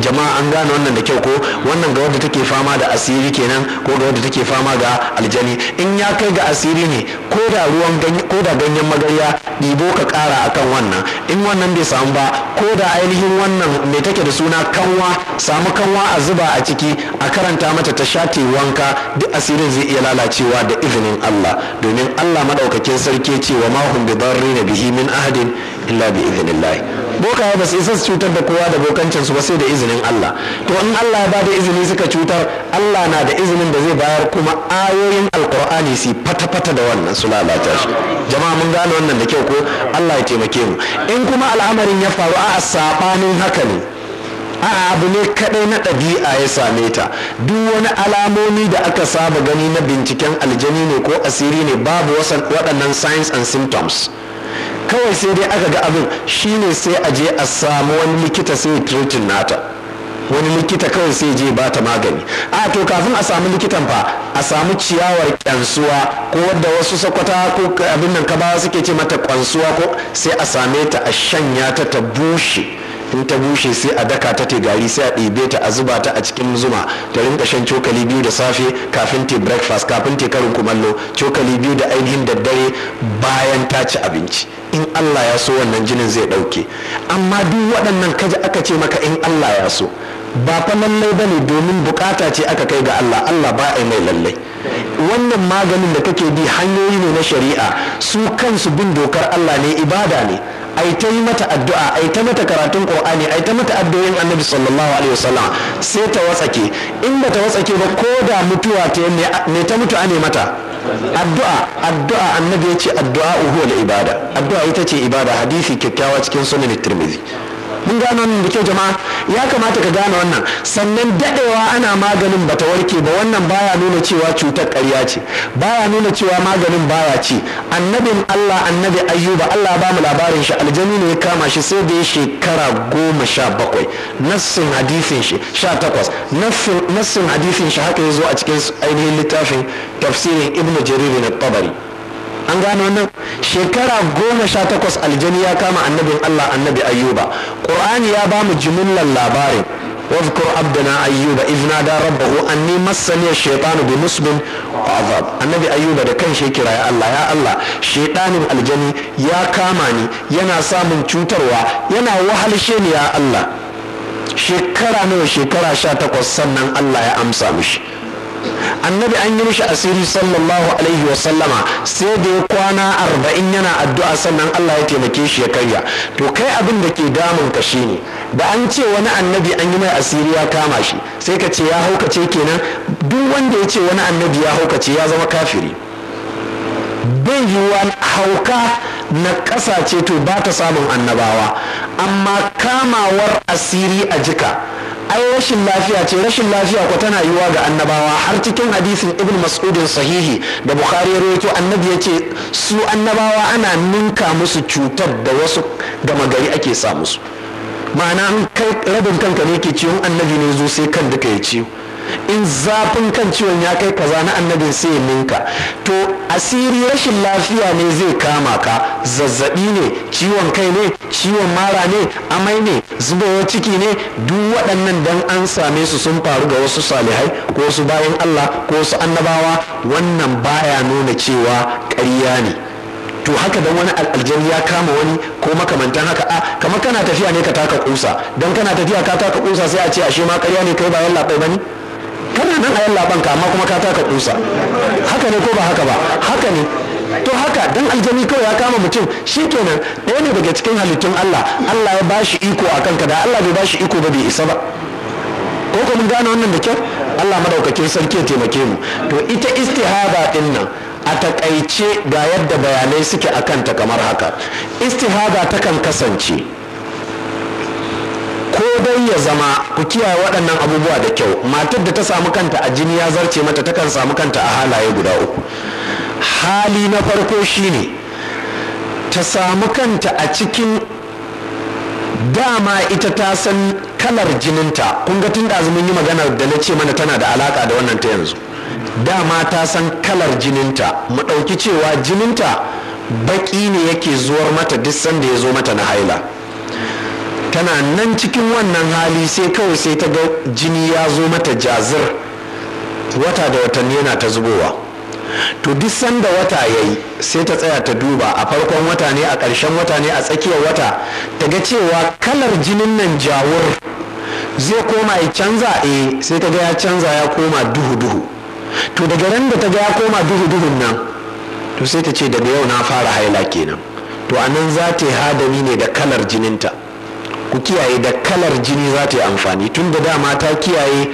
jama'a an gane wannan da kyau ko wannan ga wadda take fama da asiri kenan ko ga wadda take fama ga aljani in ya kai ga asiri ne ko da ruwan ko da ganyen magarya ɗibo ka kara akan wannan in wannan bai samu ba ko da ainihin wannan mai take da suna kanwa samu kanwa a zuba a ciki a karanta mata ta shate wanka duk asirin zai iya lalacewa da izinin Allah domin Allah madaukakin sarki ce wa mahum bi darrin bihi min ahadin illa bi idhnillah boka ya basu isa su cutar da kowa da bokancin su ba sai da izinin Allah to in Allah ya ba da izini suka cutar Allah na da izinin da zai bayar kuma ayoyin alkur'ani su fata fata da wannan su lalata shi jama'a mun gane wannan da kyau ko Allah ya taimake mu in kuma al'amarin ya faru a sabanin haka ne a abu ne kadai na ɗabi'a ya same ta duk wani alamomi da aka saba gani na binciken aljani ne ko asiri ne babu waɗannan signs and symptoms kawai sai dai aka ga abin shine sai a je a samu wani likita sai treating nata wani likita kawai sai je ba ta magani a to kafin a samu likitan fa a samu ciyawar kyansuwa ko wadda wasu sakwata ko abin nan ba suke ce mata kwansuwa ko sai a same ta a shanya ta ta bushe in ta bushe sai a daka ta gari sai a ɗebe ta a zuba ta a cikin zuma ta rinka shan cokali biyu da safe kafin ta breakfast kafin ta karin kumallo cokali biyu da ainihin daddare bayan ta ci abinci in Allah ya so wannan jinin zai ɗauke amma duk waɗannan kaji aka ce maka in Allah ya so ba fa lallai bane domin bukata ce aka kai ga Allah Allah ba a mai lallai wannan maganin da kake bi hanyoyi ne na shari'a su kansu bin dokar Allah ne ibada ne ai ta yi mata addu'a ai ta mata karatun qur'ani ai ta mata addu'o'in annabi sallallahu alaihi wasallam sai ta watsake in ba ta watsake ba ko da mutuwa ta ne ta mutu ne mata addu'a addu'a annabi ya ce addu'a huwa ibada addu'a ita ce ibada hadisi kyakkyawa cikin sunan tirmidhi mun gane wannan da kyau jama'a ya kamata ka gane wannan sannan dadewa ana maganin bata warke ba wannan baya nuna cewa cutar ƙarya ce baya nuna cewa maganin baya ce annabin Allah annabi ayyuba Allah ba mu labarin shi aljani ne ya kama shi sai da ya shekara goma sha bakwai nassin hadisin shi sha takwas nassin hadisin shi haka ya zo a cikin ainihin littafin tafsirin ibnu jarir na tabari an gano wannan shekara goma sha takwas aljani ya kama annabin allah annabi ayyuba ƙuran ya bamu jimillar labarin. wadukar abdana ayyuba if na da rabba'u an ni masaniya shekara mai muslum a abab annabi ayyuba da kan shekara ya Allah ya Allah shekaran aljani ya kama ni yana samun cutarwa yana wahal shaniya a Allah shekara nawa shekara sha takwas sannan Allah ya amsa mu annabi an yi mishi asiri sallallahu alaihi wa sallama sai da ya kwana arba'in yana addu'a sannan Allah ya taimake shi ya karya to kai abin da ke damun ka ne. da an ce wani annabi an yi mai asiri ya kama shi sai ka ce ya haukace kenan duk wanda ya ce wani annabi ya haukace ya zama kafiri bai yiwuwa hauka na ƙasa ce to ba ta samun annabawa amma kamawar asiri a jika ai rashin lafiya ce rashin lafiya ko tana yiwuwa ga annabawa har cikin hadisin ibn mas'udin sahihi da bukhari rawaito annabi ya ce su annabawa ana ninka musu cutar da wasu gama gari ake sa musu ma'ana kai rabin kanka ne ke ciwon annabi ne zo sai kan duka ya ciwo in zafin kan ciwon ya kai kaza na annabin sai ninka to asiri rashin lafiya ne zai kama ka zazzabi ne ciwon kai ne ciwon mara ne amai ne zubowar ciki ne duk waɗannan dan an same su sun faru ga wasu salihai ko wasu bayan Allah ko wasu annabawa wannan baya nuna cewa ƙarya ne to haka dan wani aljani ya kama wani ko makamantan haka a kamar kana tafiya ne ka taka kusa dan kana tafiya ka taka kusa sai a ce ashe ma ƙarya ne kai ba yalla ba ne. kana nan a yallaban ka amma kuma ka taka dusa haka ne ko ba haka ba haka ne to haka dan aljani kawai ya kama mutum shi kenan ɗaya ne daga cikin halittun Allah Allah ya bashi iko a kanka da Allah bai bashi iko ba bai isa ba ko kuma gane wannan da kyau Allah madaukakin sarki ya taimake mu to ita istihaba din nan a takaice ga yadda bayanai suke akan ta kamar haka istihaba takan kasance ko dai ya zama ku kiyaye waɗannan abubuwa da kyau matar da ta samu kanta a jini ya zarce mata takan samu kanta a halaye guda uku hali na farko shine ta samu kanta a cikin dama ita ta san kalar jininta kun ga tun da azumin yi magana da na ce mana tana da alaka da wannan ta yanzu dama ta san kalar jininta mu ɗauki cewa jininta baƙi ne yake zuwar mata duk sanda ya zo mata na haila tana nan cikin wannan hali sai kawai sai ta ga jini ya zo mata jazir wata da watanni yana ta zubowa to duk sanda wata ya yi sai ta tsaya ta duba a farkon wata ne a ƙarshen wata ne a tsakiyar wata ta ga cewa kalar jinin nan jawur zai koma ya canza Eh sai ta ga ya canza ya koma duhu duhu to daga ran da ta ga ya koma duhu duhun nan to sai ta ce daga yau na fara haila kenan to a nan za ta yi hadami ne da kalar jininta ku kiyaye da kalar jini za ta yi amfani tun da dama ta kiyaye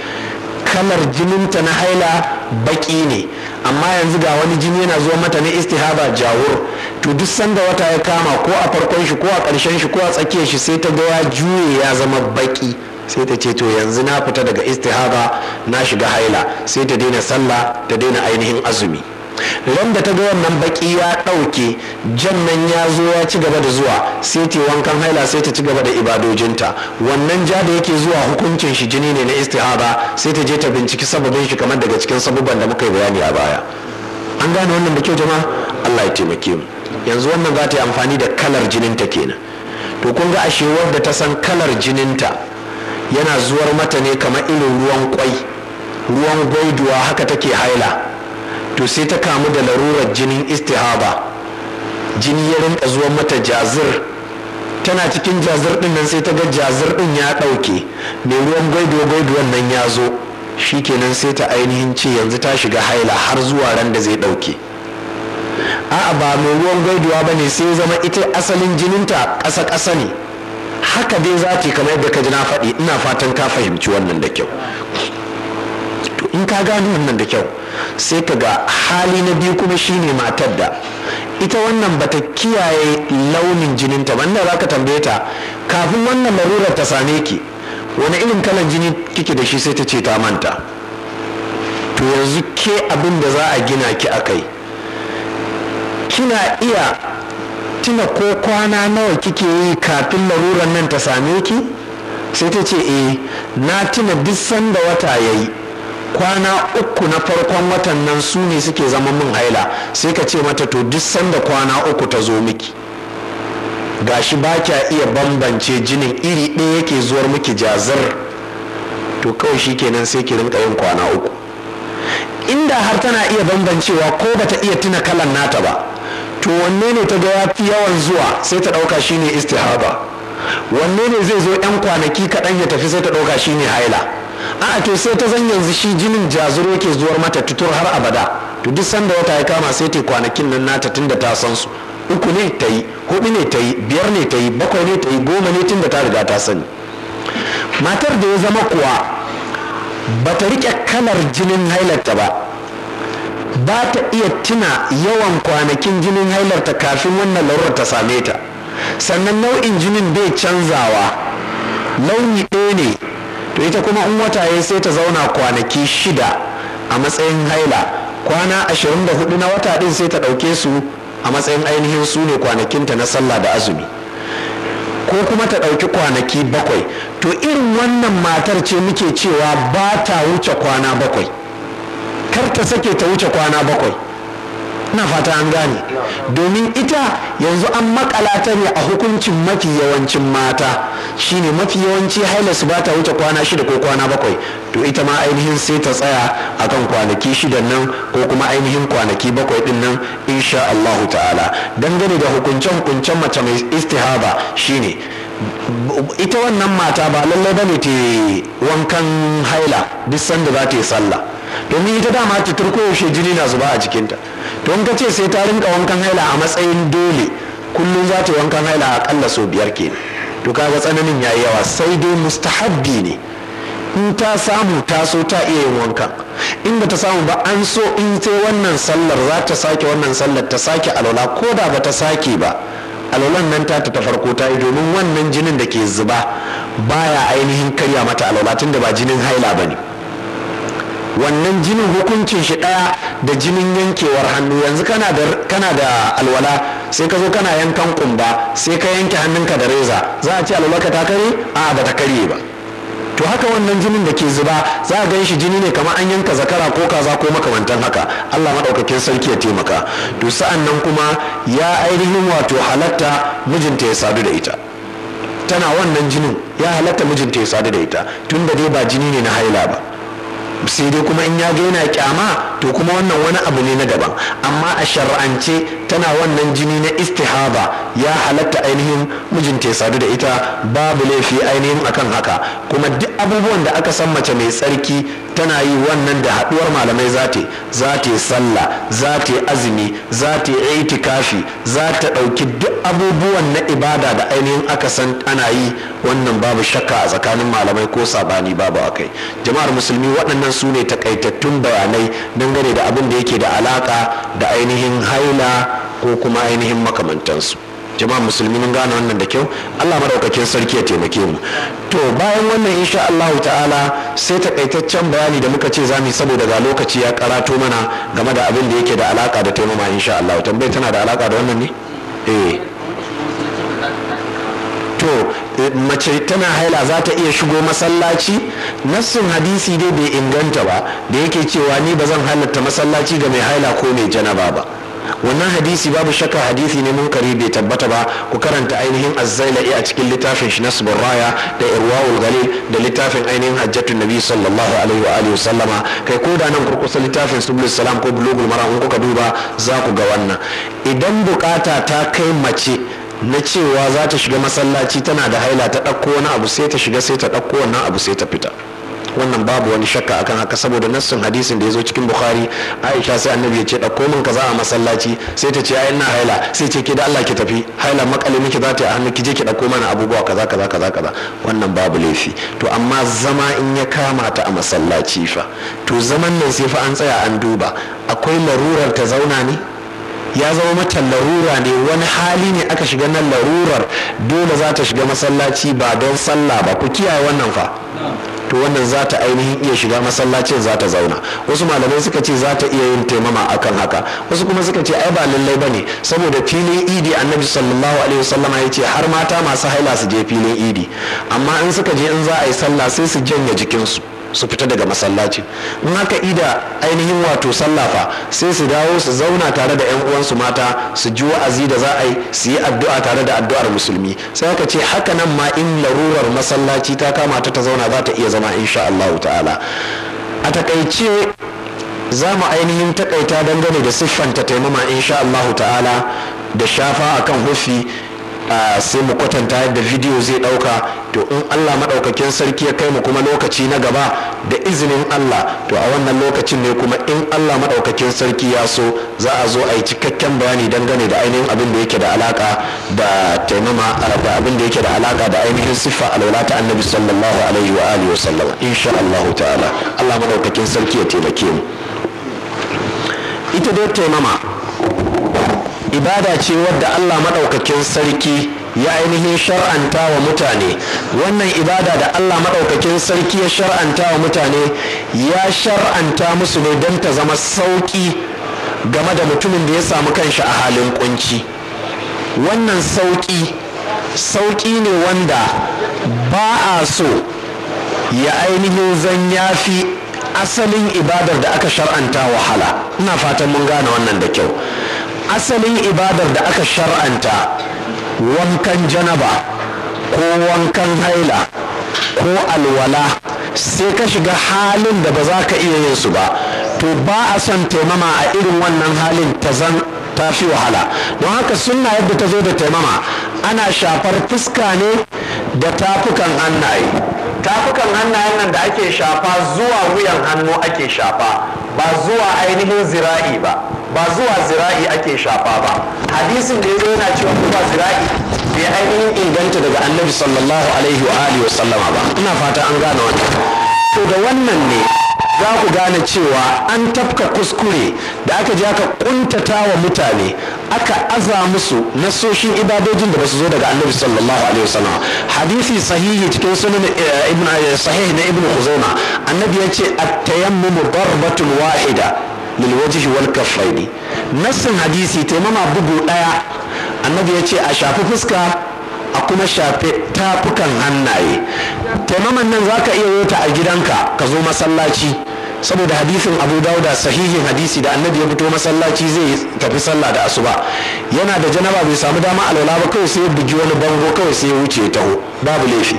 kalar jininta na haila baki ne amma yanzu ga wani jini yana zuwa mata na istihaba jawur to duk sanda wata ya kama ko a farkon shi ko a ƙarshen shi ko a tsakiyar shi sai ta ga juye ya zama baki sai ta ce to yanzu na fita daga istihaba na shiga haila sai ta daina sallah ta daina ainihin azumi lan da ta ga wannan baki ya ɗauke jan nan ya zo ya ci gaba da zuwa sai ta wankan haila sai ta ci gaba da ibadojinta wannan ja da yake zuwa hukuncin shi jini ne na istihaba sai ta je ta binciki sababin shi kamar daga cikin sabubban da muka yi bayani a baya an gane wannan da kyau jama'a Allah ya taimake mu yanzu wannan za ta yi amfani da kalar jininta kenan to kun ga ashe wanda ta san kalar jininta yana zuwar mata ne kamar irin ruwan kwai ruwan gwaiduwa haka take haila to sai ta kamu da larurar jinin istihaba jini ya rinka zuwa mata jazir tana cikin jazir din nan sai ta ga jazir din ya ɗauke mai ruwan gwaido gwaiduwan nan ya zo Shi kenan sai ta ainihin ce yanzu ta shiga haila har zuwa ran da zai ɗauke a'a ba mai ruwan gwaiduwa ba ne sai zama ita asalin jininta ƙasa-ƙasa ne haka dai za ta kamar yadda ka ji na faɗi ina fatan ka fahimci wannan da kyau to in ka gane wannan da kyau sai ka ga hali na biyu kuma shine matar da ita wannan bata kiyaye launin jininta ba inda ka tambaye ta kafin wannan larurar ta same ki wani irin kalan jini kike da shi sai ta ce ta manta to yanzu ke abin da za a gina ki a kai kina iya tuna ko kwana nawa kike yi kafin larurar nan ta same ki sai ta ce eh na tuna duk sanda wata yayi kwana uku na farkon watan nan su ne suke zama min haila sai ka ce mata to duk sanda kwana uku ta zo miki gashi ba kya iya bambance jinin iri ɗaya yake zuwar miki jazar to kawai shi kenan sai ki rinka yin kwana uku inda har tana iya bambancewa ko bata iya tuna kalan nata ba to wanne ne ta ga ya fi yawan zuwa sai ta ɗauka shine istihaba wanne ne zai zo 'yan kwanaki kaɗan ya tafi sai ta ɗauka shine haila a to sai ta zan yanzu shi jinin jazuro ke zuwar mata tutur har abada to duk sanda wata ya kama sai ta kwanakin nan nata tunda ta san su uku ne ta yi hudu ne ta yi biyar ne ta yi bakwai ne ta yi goma ne tunda ta riga ta sani matar da ya zama kuwa ba ta rike kalar jinin hailarta ba ba ta iya tuna yawan kwanakin jinin hailarta kafin wannan laurar ta same ta sannan nau'in jinin bai canzawa launi ɗaya ne to ita kuma in wata ya sai ta zauna kwanaki shida a matsayin haila kwana ashirin da hudu na wata din sai ta ɗauke su a matsayin ainihin su ne kwanakinta na sallah da azumi ko kuma ta ɗauki kwanaki bakwai to irin wannan matar ce muke cewa ba ta wuce kwana bakwai kar ta sake ta wuce kwana bakwai na fata an gane domin ita yanzu an makala ta ne a hukuncin mafi yawancin mata shine mafi yawanci su ba ta wuce kwana shida ko kwana bakwai to ita ma ainihin sai ta tsaya akan kwanaki shida nan ko kuma ainihin kwanaki bakwai din nan insha allah ta'ala dangane da hukuncen hukuncen mace mai istihaba shine ita wannan mata ba lallai ba ne ta wankan haila duk sanda za ta yi sallah domin ita dama ta turko yaushe jini na zuba a jikinta don in ka ce sai ta rinka wankan haila a matsayin dole kullum za ta wankan haila a kalla sau biyar ke to kaga tsananin ya yi yawa sai dai mustahabbi ne in ta samu ta so ta iya yin wankan in ba ta samu ba an so in sai wannan sallar za ta sake wannan sallar ta sake alwala ko da ba ta sake ba alwalan nan ta ta farko ta yi domin wannan jinin da ke zuba baya ainihin karya mata alwala tun da ba jinin haila ba ne wannan jinin hukuncin shi ɗaya da jinin yankewar hannu yanzu kana da alwala sai ka zo kana yankan kumba sai ka yanke hannunka da reza za a ce ka ta kare a ba ta kare ba to haka wannan jinin da ke zuba za a gan shi jini ne kamar an yanka zakara ko kaza ko makamantan haka Allah maɗaukakin sarki ya taimaka to sa'an nan kuma ya ainihin wato halatta mijinta ya sadu da ita tana wannan jinin ya halatta mijinta ya sadu da ita tun da dai ba jini ne na haila ba sai dai kuma in ya ga yana kyama to kuma wannan wani abu ne na daban amma a shar'ance tana wannan jini na istihaba ya halatta ainihin mijinta ya sadu da ita babu laifi ainihin akan haka kuma duk abubuwan da aka san mace mai tsarki tana yi wannan da haduwar malamai za ta za ta yi sallah za ta yi azumi za ta yi itikafi za ta ɗauki duk abubuwan na ibada da ainihin aka san ana yi wannan babu shakka a tsakanin malamai ko sabani babu akai jama'ar musulmi waɗannan su ne takaitattun bayanai don bangare da abin da yake da alaka da ainihin haila ko kuma ainihin makamantansu jama'a musulmi mun gane wannan da kyau allah maɗaukakin sarki ya taimake mu to bayan wannan insha allah ta'ala sai takaitaccen bayani da muka ce za mu saboda ga lokaci ya karato mana game da abin da yake da alaka da taimama insha allah tambayar tana da alaka da wannan ne eh to mace tana haila za ta iya shigo masallaci nassin hadisi dai bai inganta ba da yake cewa ni ba zan halatta masallaci ga mai haila ko mai janaba ba wannan hadisi babu shakka hadisi ne mun kare bai tabbata ba ku karanta ainihin azzailai a cikin littafin shi nasbur raya da irwawul gale da littafin ainihin hajjatun nabi sallallahu alaihi wa alihi sallama kai ko da nan kurkusa littafin subul salam ko bulugul mara in kuka duba za ku ga wannan idan bukata ta kai mace na cewa za ta shiga masallaci tana da haila ta ɗauko wani abu sai ta shiga sai ta ɗauko wannan abu sai ta fita wannan babu wani shakka akan haka saboda nassin hadisin da ya zo cikin bukhari aisha sai annabi ya ce ɗauko min ka za a masallaci sai ta ce ai ina haila sai ce ke da allah ki tafi haila makale miki za ta yi a hannu ki je ki ɗauko mana abubuwa kaza kaza kaza kaza wannan babu laifi to amma zama in ya kama ta a masallaci fa to zaman nan sai fa an tsaya an duba akwai larurar ta zauna ne ya zama mata larura ne wani hali ne aka shiga nan larurar dole za ta shiga masallaci ba don sallah ba ku kiyaye wannan fa to wannan za ta ainihin iya shiga masallacin za ta zauna wasu malamai suka ce za ta iya yin taimama akan haka wasu kuma suka ce ai ba lallai bane saboda filin idi annabi sallallahu alaihi wasallam ya ce har mata masu haila su je filin idi amma in suka je in za a yi sallah sai su janye jikinsu su fita daga masallaci in haka ida ainihin wato sallafa sai su dawo su zauna tare da yan uwansu mata su ji wa'azi da za a yi su yi addu'a tare da addu'ar musulmi sai aka ce haka nan ma in larurar masallaci ta kama ta ta zauna za ta iya zama insha Allah ta'ala a takaice za mu ainihin takaita dangane da siffanta taimama insha Allah ta'ala da shafa akan hufi sai mu kwatanta yadda video zai dauka to in Allah madaukakin sarki ya kai mu kuma lokaci na gaba da izinin Allah to a wannan lokacin ne kuma in Allah madaukakin sarki ya so za a zo a yi cikakken bayani dangane da ainihin abin da yake da alaka da taimama da abin da yake da alaka da ainihin siffa alwalata annabi sallallahu alaihi wa alihi wa insha Allah ta'ala Allah madaukakin sarki ya taimake mu ita dai taimama ibada ce wadda Allah maɗaukakin sarki ya ainihin shar'anta wa mutane wannan ibada da Allah maɗaukakin sarki ya shar'anta wa mutane ya shar'anta musu ne don ta zama sauƙi game da mutumin da ya samu kanshi a halin kunci wannan sauƙi sauƙi ne wanda ba a so ya ainihin zan yafi asalin ibadar da aka shar'anta wahala ina fatan mun gane wannan da kyau asalin ibadar da aka shar'anta wankan janaba ko wankan haila ko alwala sai ka shiga halin da ba za ka iya yin su ba to ba a son taimama a irin wannan halin ta zan ta fi wahala don haka suna yadda ta zo da taimama ana shafar fuska ne da tafukan hannaye tafukan hannaye nan da ake shafa zuwa wuyan hannu ake shafa ba zuwa ainihin zira'i ba ba zuwa zira'i ake shafa ba hadisin da ya zo yana cewa zuwa zira'i bai ainihin inganta daga annabi sallallahu alaihi wa alihi wa sallama ba ina fata an gane wannan to da wannan ne za ku gane cewa an tafka kuskure da aka je aka kuntata wa mutane aka aza musu nasoshin ibadojin da basu zo daga annabi sallallahu alaihi wasallam hadisi sahihi cikin sunan eh, ibn eh, sahih na ibn khuzaimah annabi yace at-tayammumu darbatun wahida lil wal kaffaini nassin hadisi taimama bugu daya annabi ya ce a shafi fuska a kuma shafe tafukan hannaye taimaman nan zaka iya yota a gidanka ka zo masallaci saboda hadisin abu dauda sahihin hadisi da annabi ya fito masallaci zai tafi sallah da asuba yana da janaba bai samu dama alwala ba kawai sai bugi wani bango kawai sai ya wuce ya taho babu laifi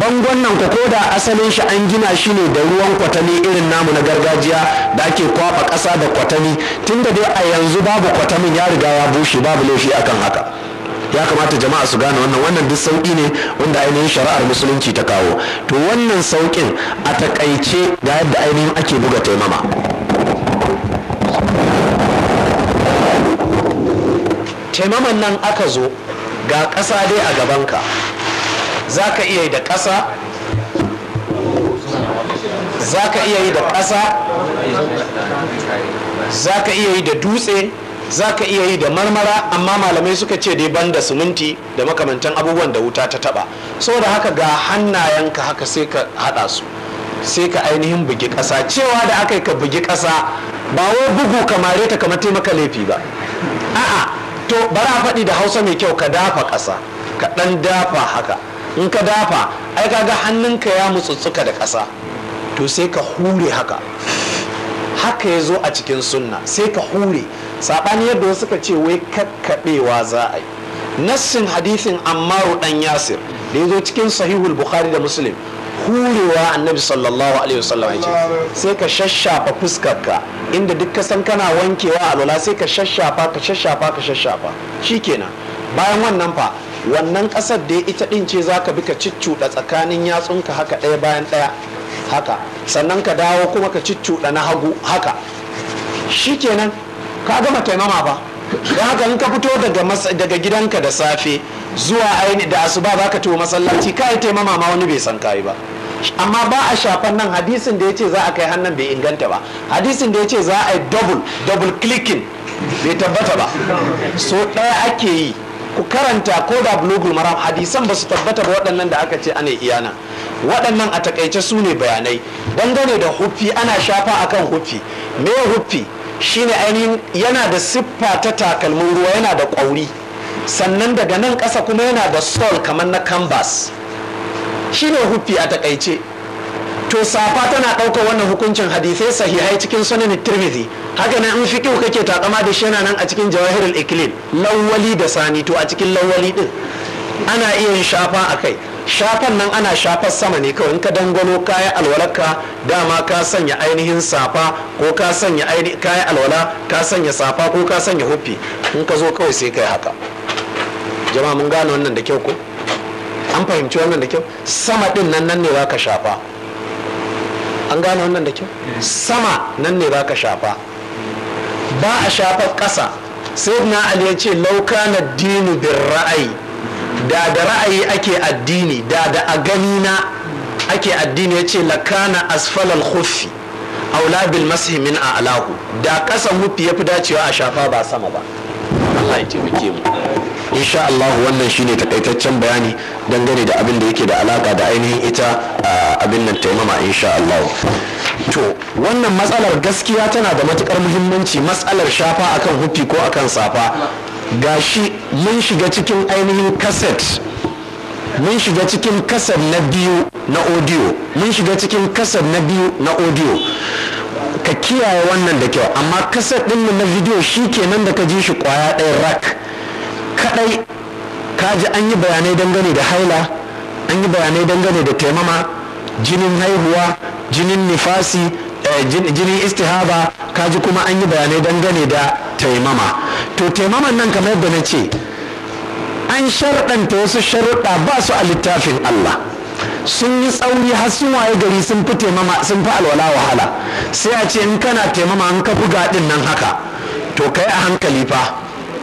bangon nan ko da asalin shi an gina shi ne da ruwan kwatani irin namu na gargajiya da ake kwaba kasa da kwatani tunda dai a yanzu babu kwatamin ya riga ya bushe babu laifi akan haka ya kamata jama'a su gane wannan wannan duk sauki ne wanda ainihin shari'ar musulunci ta kawo to wannan saukin a takaice ga yadda ainihin ake buga taimama taimaman nan aka zo ga ƙasa dai a gabanka za ka iya yi da ƙasa za ka iya yi da ƙasa za ka iya yi da dutse za ka iya yi da marmara amma malamai suka ce dai ban da siminti da makamantan abubuwan da wuta ta taba saboda haka ga hannayenka haka sai ka haɗa su sai ka ainihin bugi ƙasa cewa da aka yi ka bugi ƙasa ba wai bugu mare ta kamar taimaka laifi ba a'a to bara faɗi da hausa mai kyau ka dafa ƙasa ka ɗan dafa haka in ka dafa ai kaga hannunka ya mutsutsuka da ƙasa to sai ka hure haka haka ya zo a cikin sunna sai ka hure saɓani yadda wasu suka ce wai kakkaɓewa za a yi nassin hadithin ammaru dan yasir da ya zo cikin sahihul bukhari da muslim hurewa annabi sallallahu alaihi wasallam ya ce sai ka shashafa fuskarka inda duk ka san kana wankewa a lola sai ka shashafa ka shashafa ka shashafa shikenan bayan wannan fa wannan kasar da ita din ce zaka bi ka ciccuda tsakanin yatsunka haka ɗaya bayan ɗaya haka sannan ka dawo kuma ka ciccuda na hagu haka shikenan ka gama taimama ba don haka in ka fito daga gidanka da safe zuwa aini da asuba ba ka tuwo masallaci ka yi taimama ma wani bai san kai ba amma ba a shafan nan hadisin da ya ce za a kai hannun bai inganta ba hadisin da ya ce za a yi double double clicking bai tabbata ba so ɗaya ake yi ku karanta ko da blogul maram hadisan ba su tabbata ba waɗannan da aka ce ana iyana waɗannan a takaice su ne bayanai dangane da huffi ana shafa akan huffi me huffi shine ainihin yana da siffa ta takalmin ruwa yana da ƙwauri sannan daga nan ƙasa kuma yana da sol kamar na canvas shine huffi a takaice to safa tana ɗaukar wannan hukuncin hadisai sahihai cikin sunan tirmidhi haka nan in fiqh kake takama da shi yana nan a cikin jawahirul iklil lawwali da sani to a cikin lawwali din ana iya shafa a kai shafan nan ana shafar sama ne kawai in ka dangano kayan alwalarka dama ka sanya ainihin safa ko ka sanya kayan alwala ka sanya safa ko ka sanya hufi in ka zo kawai sai kai haka jama'a mun gane wannan da kyau ko an fahimci wannan da kyau sama din nan nan ne ba ka shafa an gane wannan da kyau sama nan ne ba shafa ba a shafar ƙasa sai na ali ya ce lauka na dinu bin ra'ayi da da ra'ayi ake addini da da a gani na ake addini ya ce lakana asfalal khuffi aula bil masihi a alahu da kasan hufi ya fi dacewa a shafa ba sama ba Allah ya taimake mu insha Allah wannan shine takaitaccen bayani dangane da abin da yake da alaka da ainihin ita abin nan taimama insha Allah to wannan matsalar gaskiya tana da matukar muhimmanci matsalar shafa akan hufi ko akan safa gashi mun shiga cikin ainihin kaset mun shiga cikin kasar na biyu na audio mun shiga cikin kasar na biyu na audio ka kiyaye wannan da kyau amma kasar ɗin na video shi kenan da ka ji shi kwaya ɗaya rak kadai ka ji an yi bayanai dangane da haila an yi bayanai dangane da taimama jinin haihuwa jinin nifasi eh, jinin istihaba ka ji kuma an yi bayanai dangane da taimama to taimaman nan kamar yadda na ce an sharɗanta wasu sharuɗa ba su a littafin Allah sun yi tsauri har sun waye gari sun fi taimama sun fi alwala wahala sai a ce in kana taimama an ka buga din nan haka to kai a hankali fa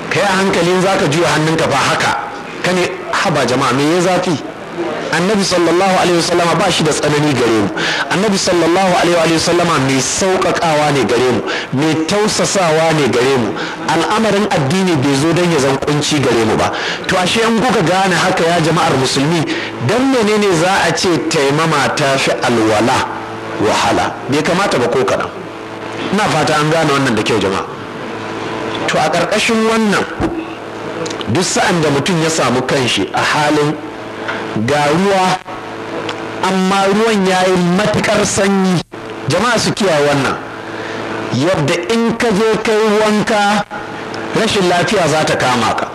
kai a hankali za ka juya hannunka fa haka kane haba jama'a me ya zafi annabi sallallahu alaihi wasallama ba shi da tsanani gare mu annabi sallallahu alaihi wasallama mai sauƙaƙawa ne gare mu mai tausasawa ne gare mu al'amarin addini bai zo don ya zan kunci gare mu ba to ashe an kuka gane haka ya jama'ar musulmi dan menene za a ce taimama ta fi alwala wahala bai kamata ba ko kaɗan ina fata an gane wannan da kyau jama'a to a ƙarƙashin wannan duk sa'an da mutum ya samu kanshi a halin ga ruwa amma ruwan ya yi matuƙar sanyi jama'a su kiyaye wannan yadda in ka je kai wanka rashin lafiya za ta kama ka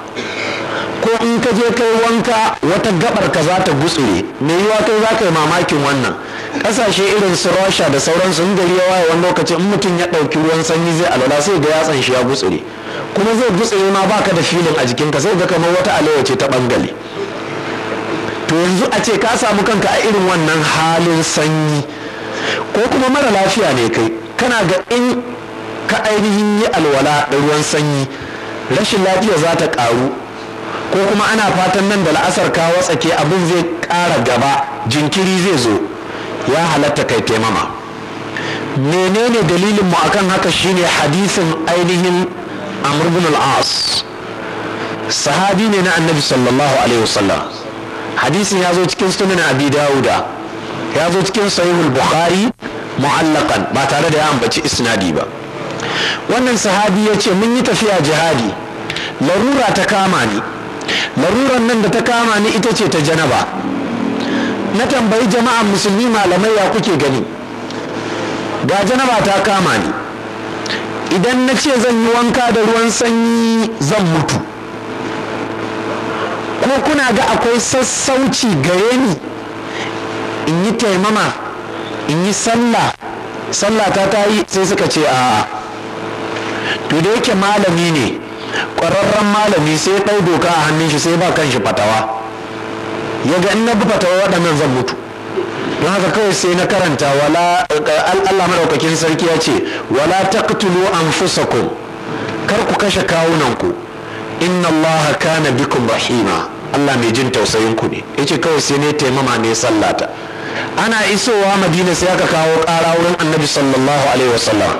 ko in ka je kai wanka wata gabar ka za ta gutsure mai yiwa kai za ka yi mamakin wannan kasashe irin su rasha da sauransu in gari ya waye wani lokaci in mutum ya ɗauki ruwan sanyi zai alwala sai ga yatsan shi ya gutsure kuma zai gutsure ma baka da filin a jikinka sai ga kamar wata alewa ce ta bangale to yanzu a ce ka samu kanka a irin wannan halin sanyi ko kuma mara lafiya ne kai kana ga in ka ainihin yi alwala da ruwan sanyi rashin lafiya za ta ƙaru ko kuma ana fatan nan da la'asar ka watsake abin zai ƙara gaba jinkiri zai zo ya halatta kai taimama menene dalilin mu akan haka shine hadisin ainihin amr ibn al-as sahabi ne na annabi sallallahu alaihi wasallam hadisin ya zo cikin sunan abi dauda, ya zo cikin sahihul bukhari mu'allaqan ba tare da ya ambaci isnadi ba wannan sahabi ya ce mun yi tafiya jihadi larura ta kama ni laruran nan da ta kama ni ita ce ta janaba na tambayi jama'an musulmi malamai ya kuke gani ga janaba ta kama ni idan na ce zan yi wanka da ruwan sanyi zan mutu ko kuna ga akwai sassauci gare ni in yi taimama in yi sallah sallah ta ta yi sai suka ce a to da yake malami ne ƙwararren malami sai ya ɗau doka a hannun shi sai ba kan shi fatawa ya ga in na bi fatawa waɗannan zan mutu don haka kawai sai na karanta wala Allah sarki ya ce wala taqtulu anfusakum kar ku kashe kawunanku inna Allah kana bikum rahima Allah mai jin tausayin ku ne yace kawai sai ne taimama ne sallata ana isowa madina sai aka kawo ƙara wurin annabi sallallahu alaihi wasallam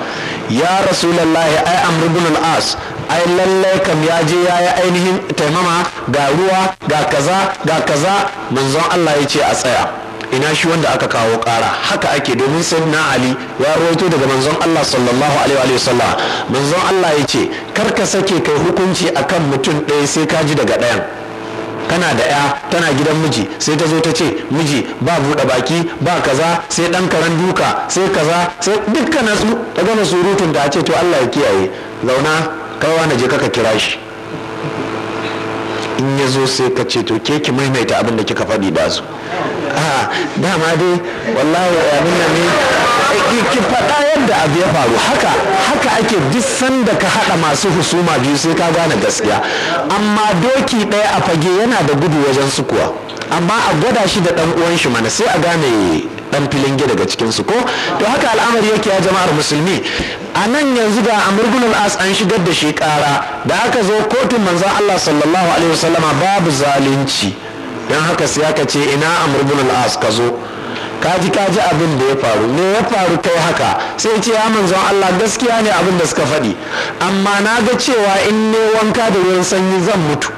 ya rasulullahi ai amr ai lallai kam ya je ya yi ainihin taimama ga ruwa ga kaza ga kaza manzon Allah ya ce a tsaya ina shi wanda aka kawo ƙara haka ake domin na ali ya rawaito daga manzon Allah sallallahu alaihi wasallam manzon Allah ya ce kar ka sake kai hukunci akan mutum ɗaya sai ka ji daga ɗayan tana da ya tana gidan miji sai ta zo ta ce miji ba buɗe baki ba kaza sai ɗan karan duka sai kaza sai dukkanin su ta gama surutun ta ce to Allah ya kiyaye zauna kai wani je kaka kira shi in ya zo sai ka ce to ke ki maimaita abin da kika faɗi da su a dama dai wallahi abin nan ne ki faɗa yadda abu ya faru haka haka ake disan sanda ka haɗa masu husuma biyu sai ka gane gaskiya amma doki ɗaya a fage yana da gudu wajen su kuwa amma a gwada shi da ɗan uwan shi mana sai a gane dan filin gida daga cikin su ko to haka al'amari yake ya jama'ar musulmi a nan yanzu da amurgulul al'as an shigar da shi kara da aka zo kotun manzon Allah sallallahu alaihi wasallama babu zalunci dan haka sai aka ce ina amurgulul al'as ka zo kaji kaji abin da ya faru me ya faru kai haka sai ce ya manzon Allah gaskiya ne abin da suka faɗi amma na ga cewa in ne wanka da ruwan sanyi zan mutu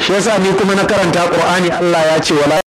shi yasa ni kuma na karanta Qur'ani Allah ya ce wala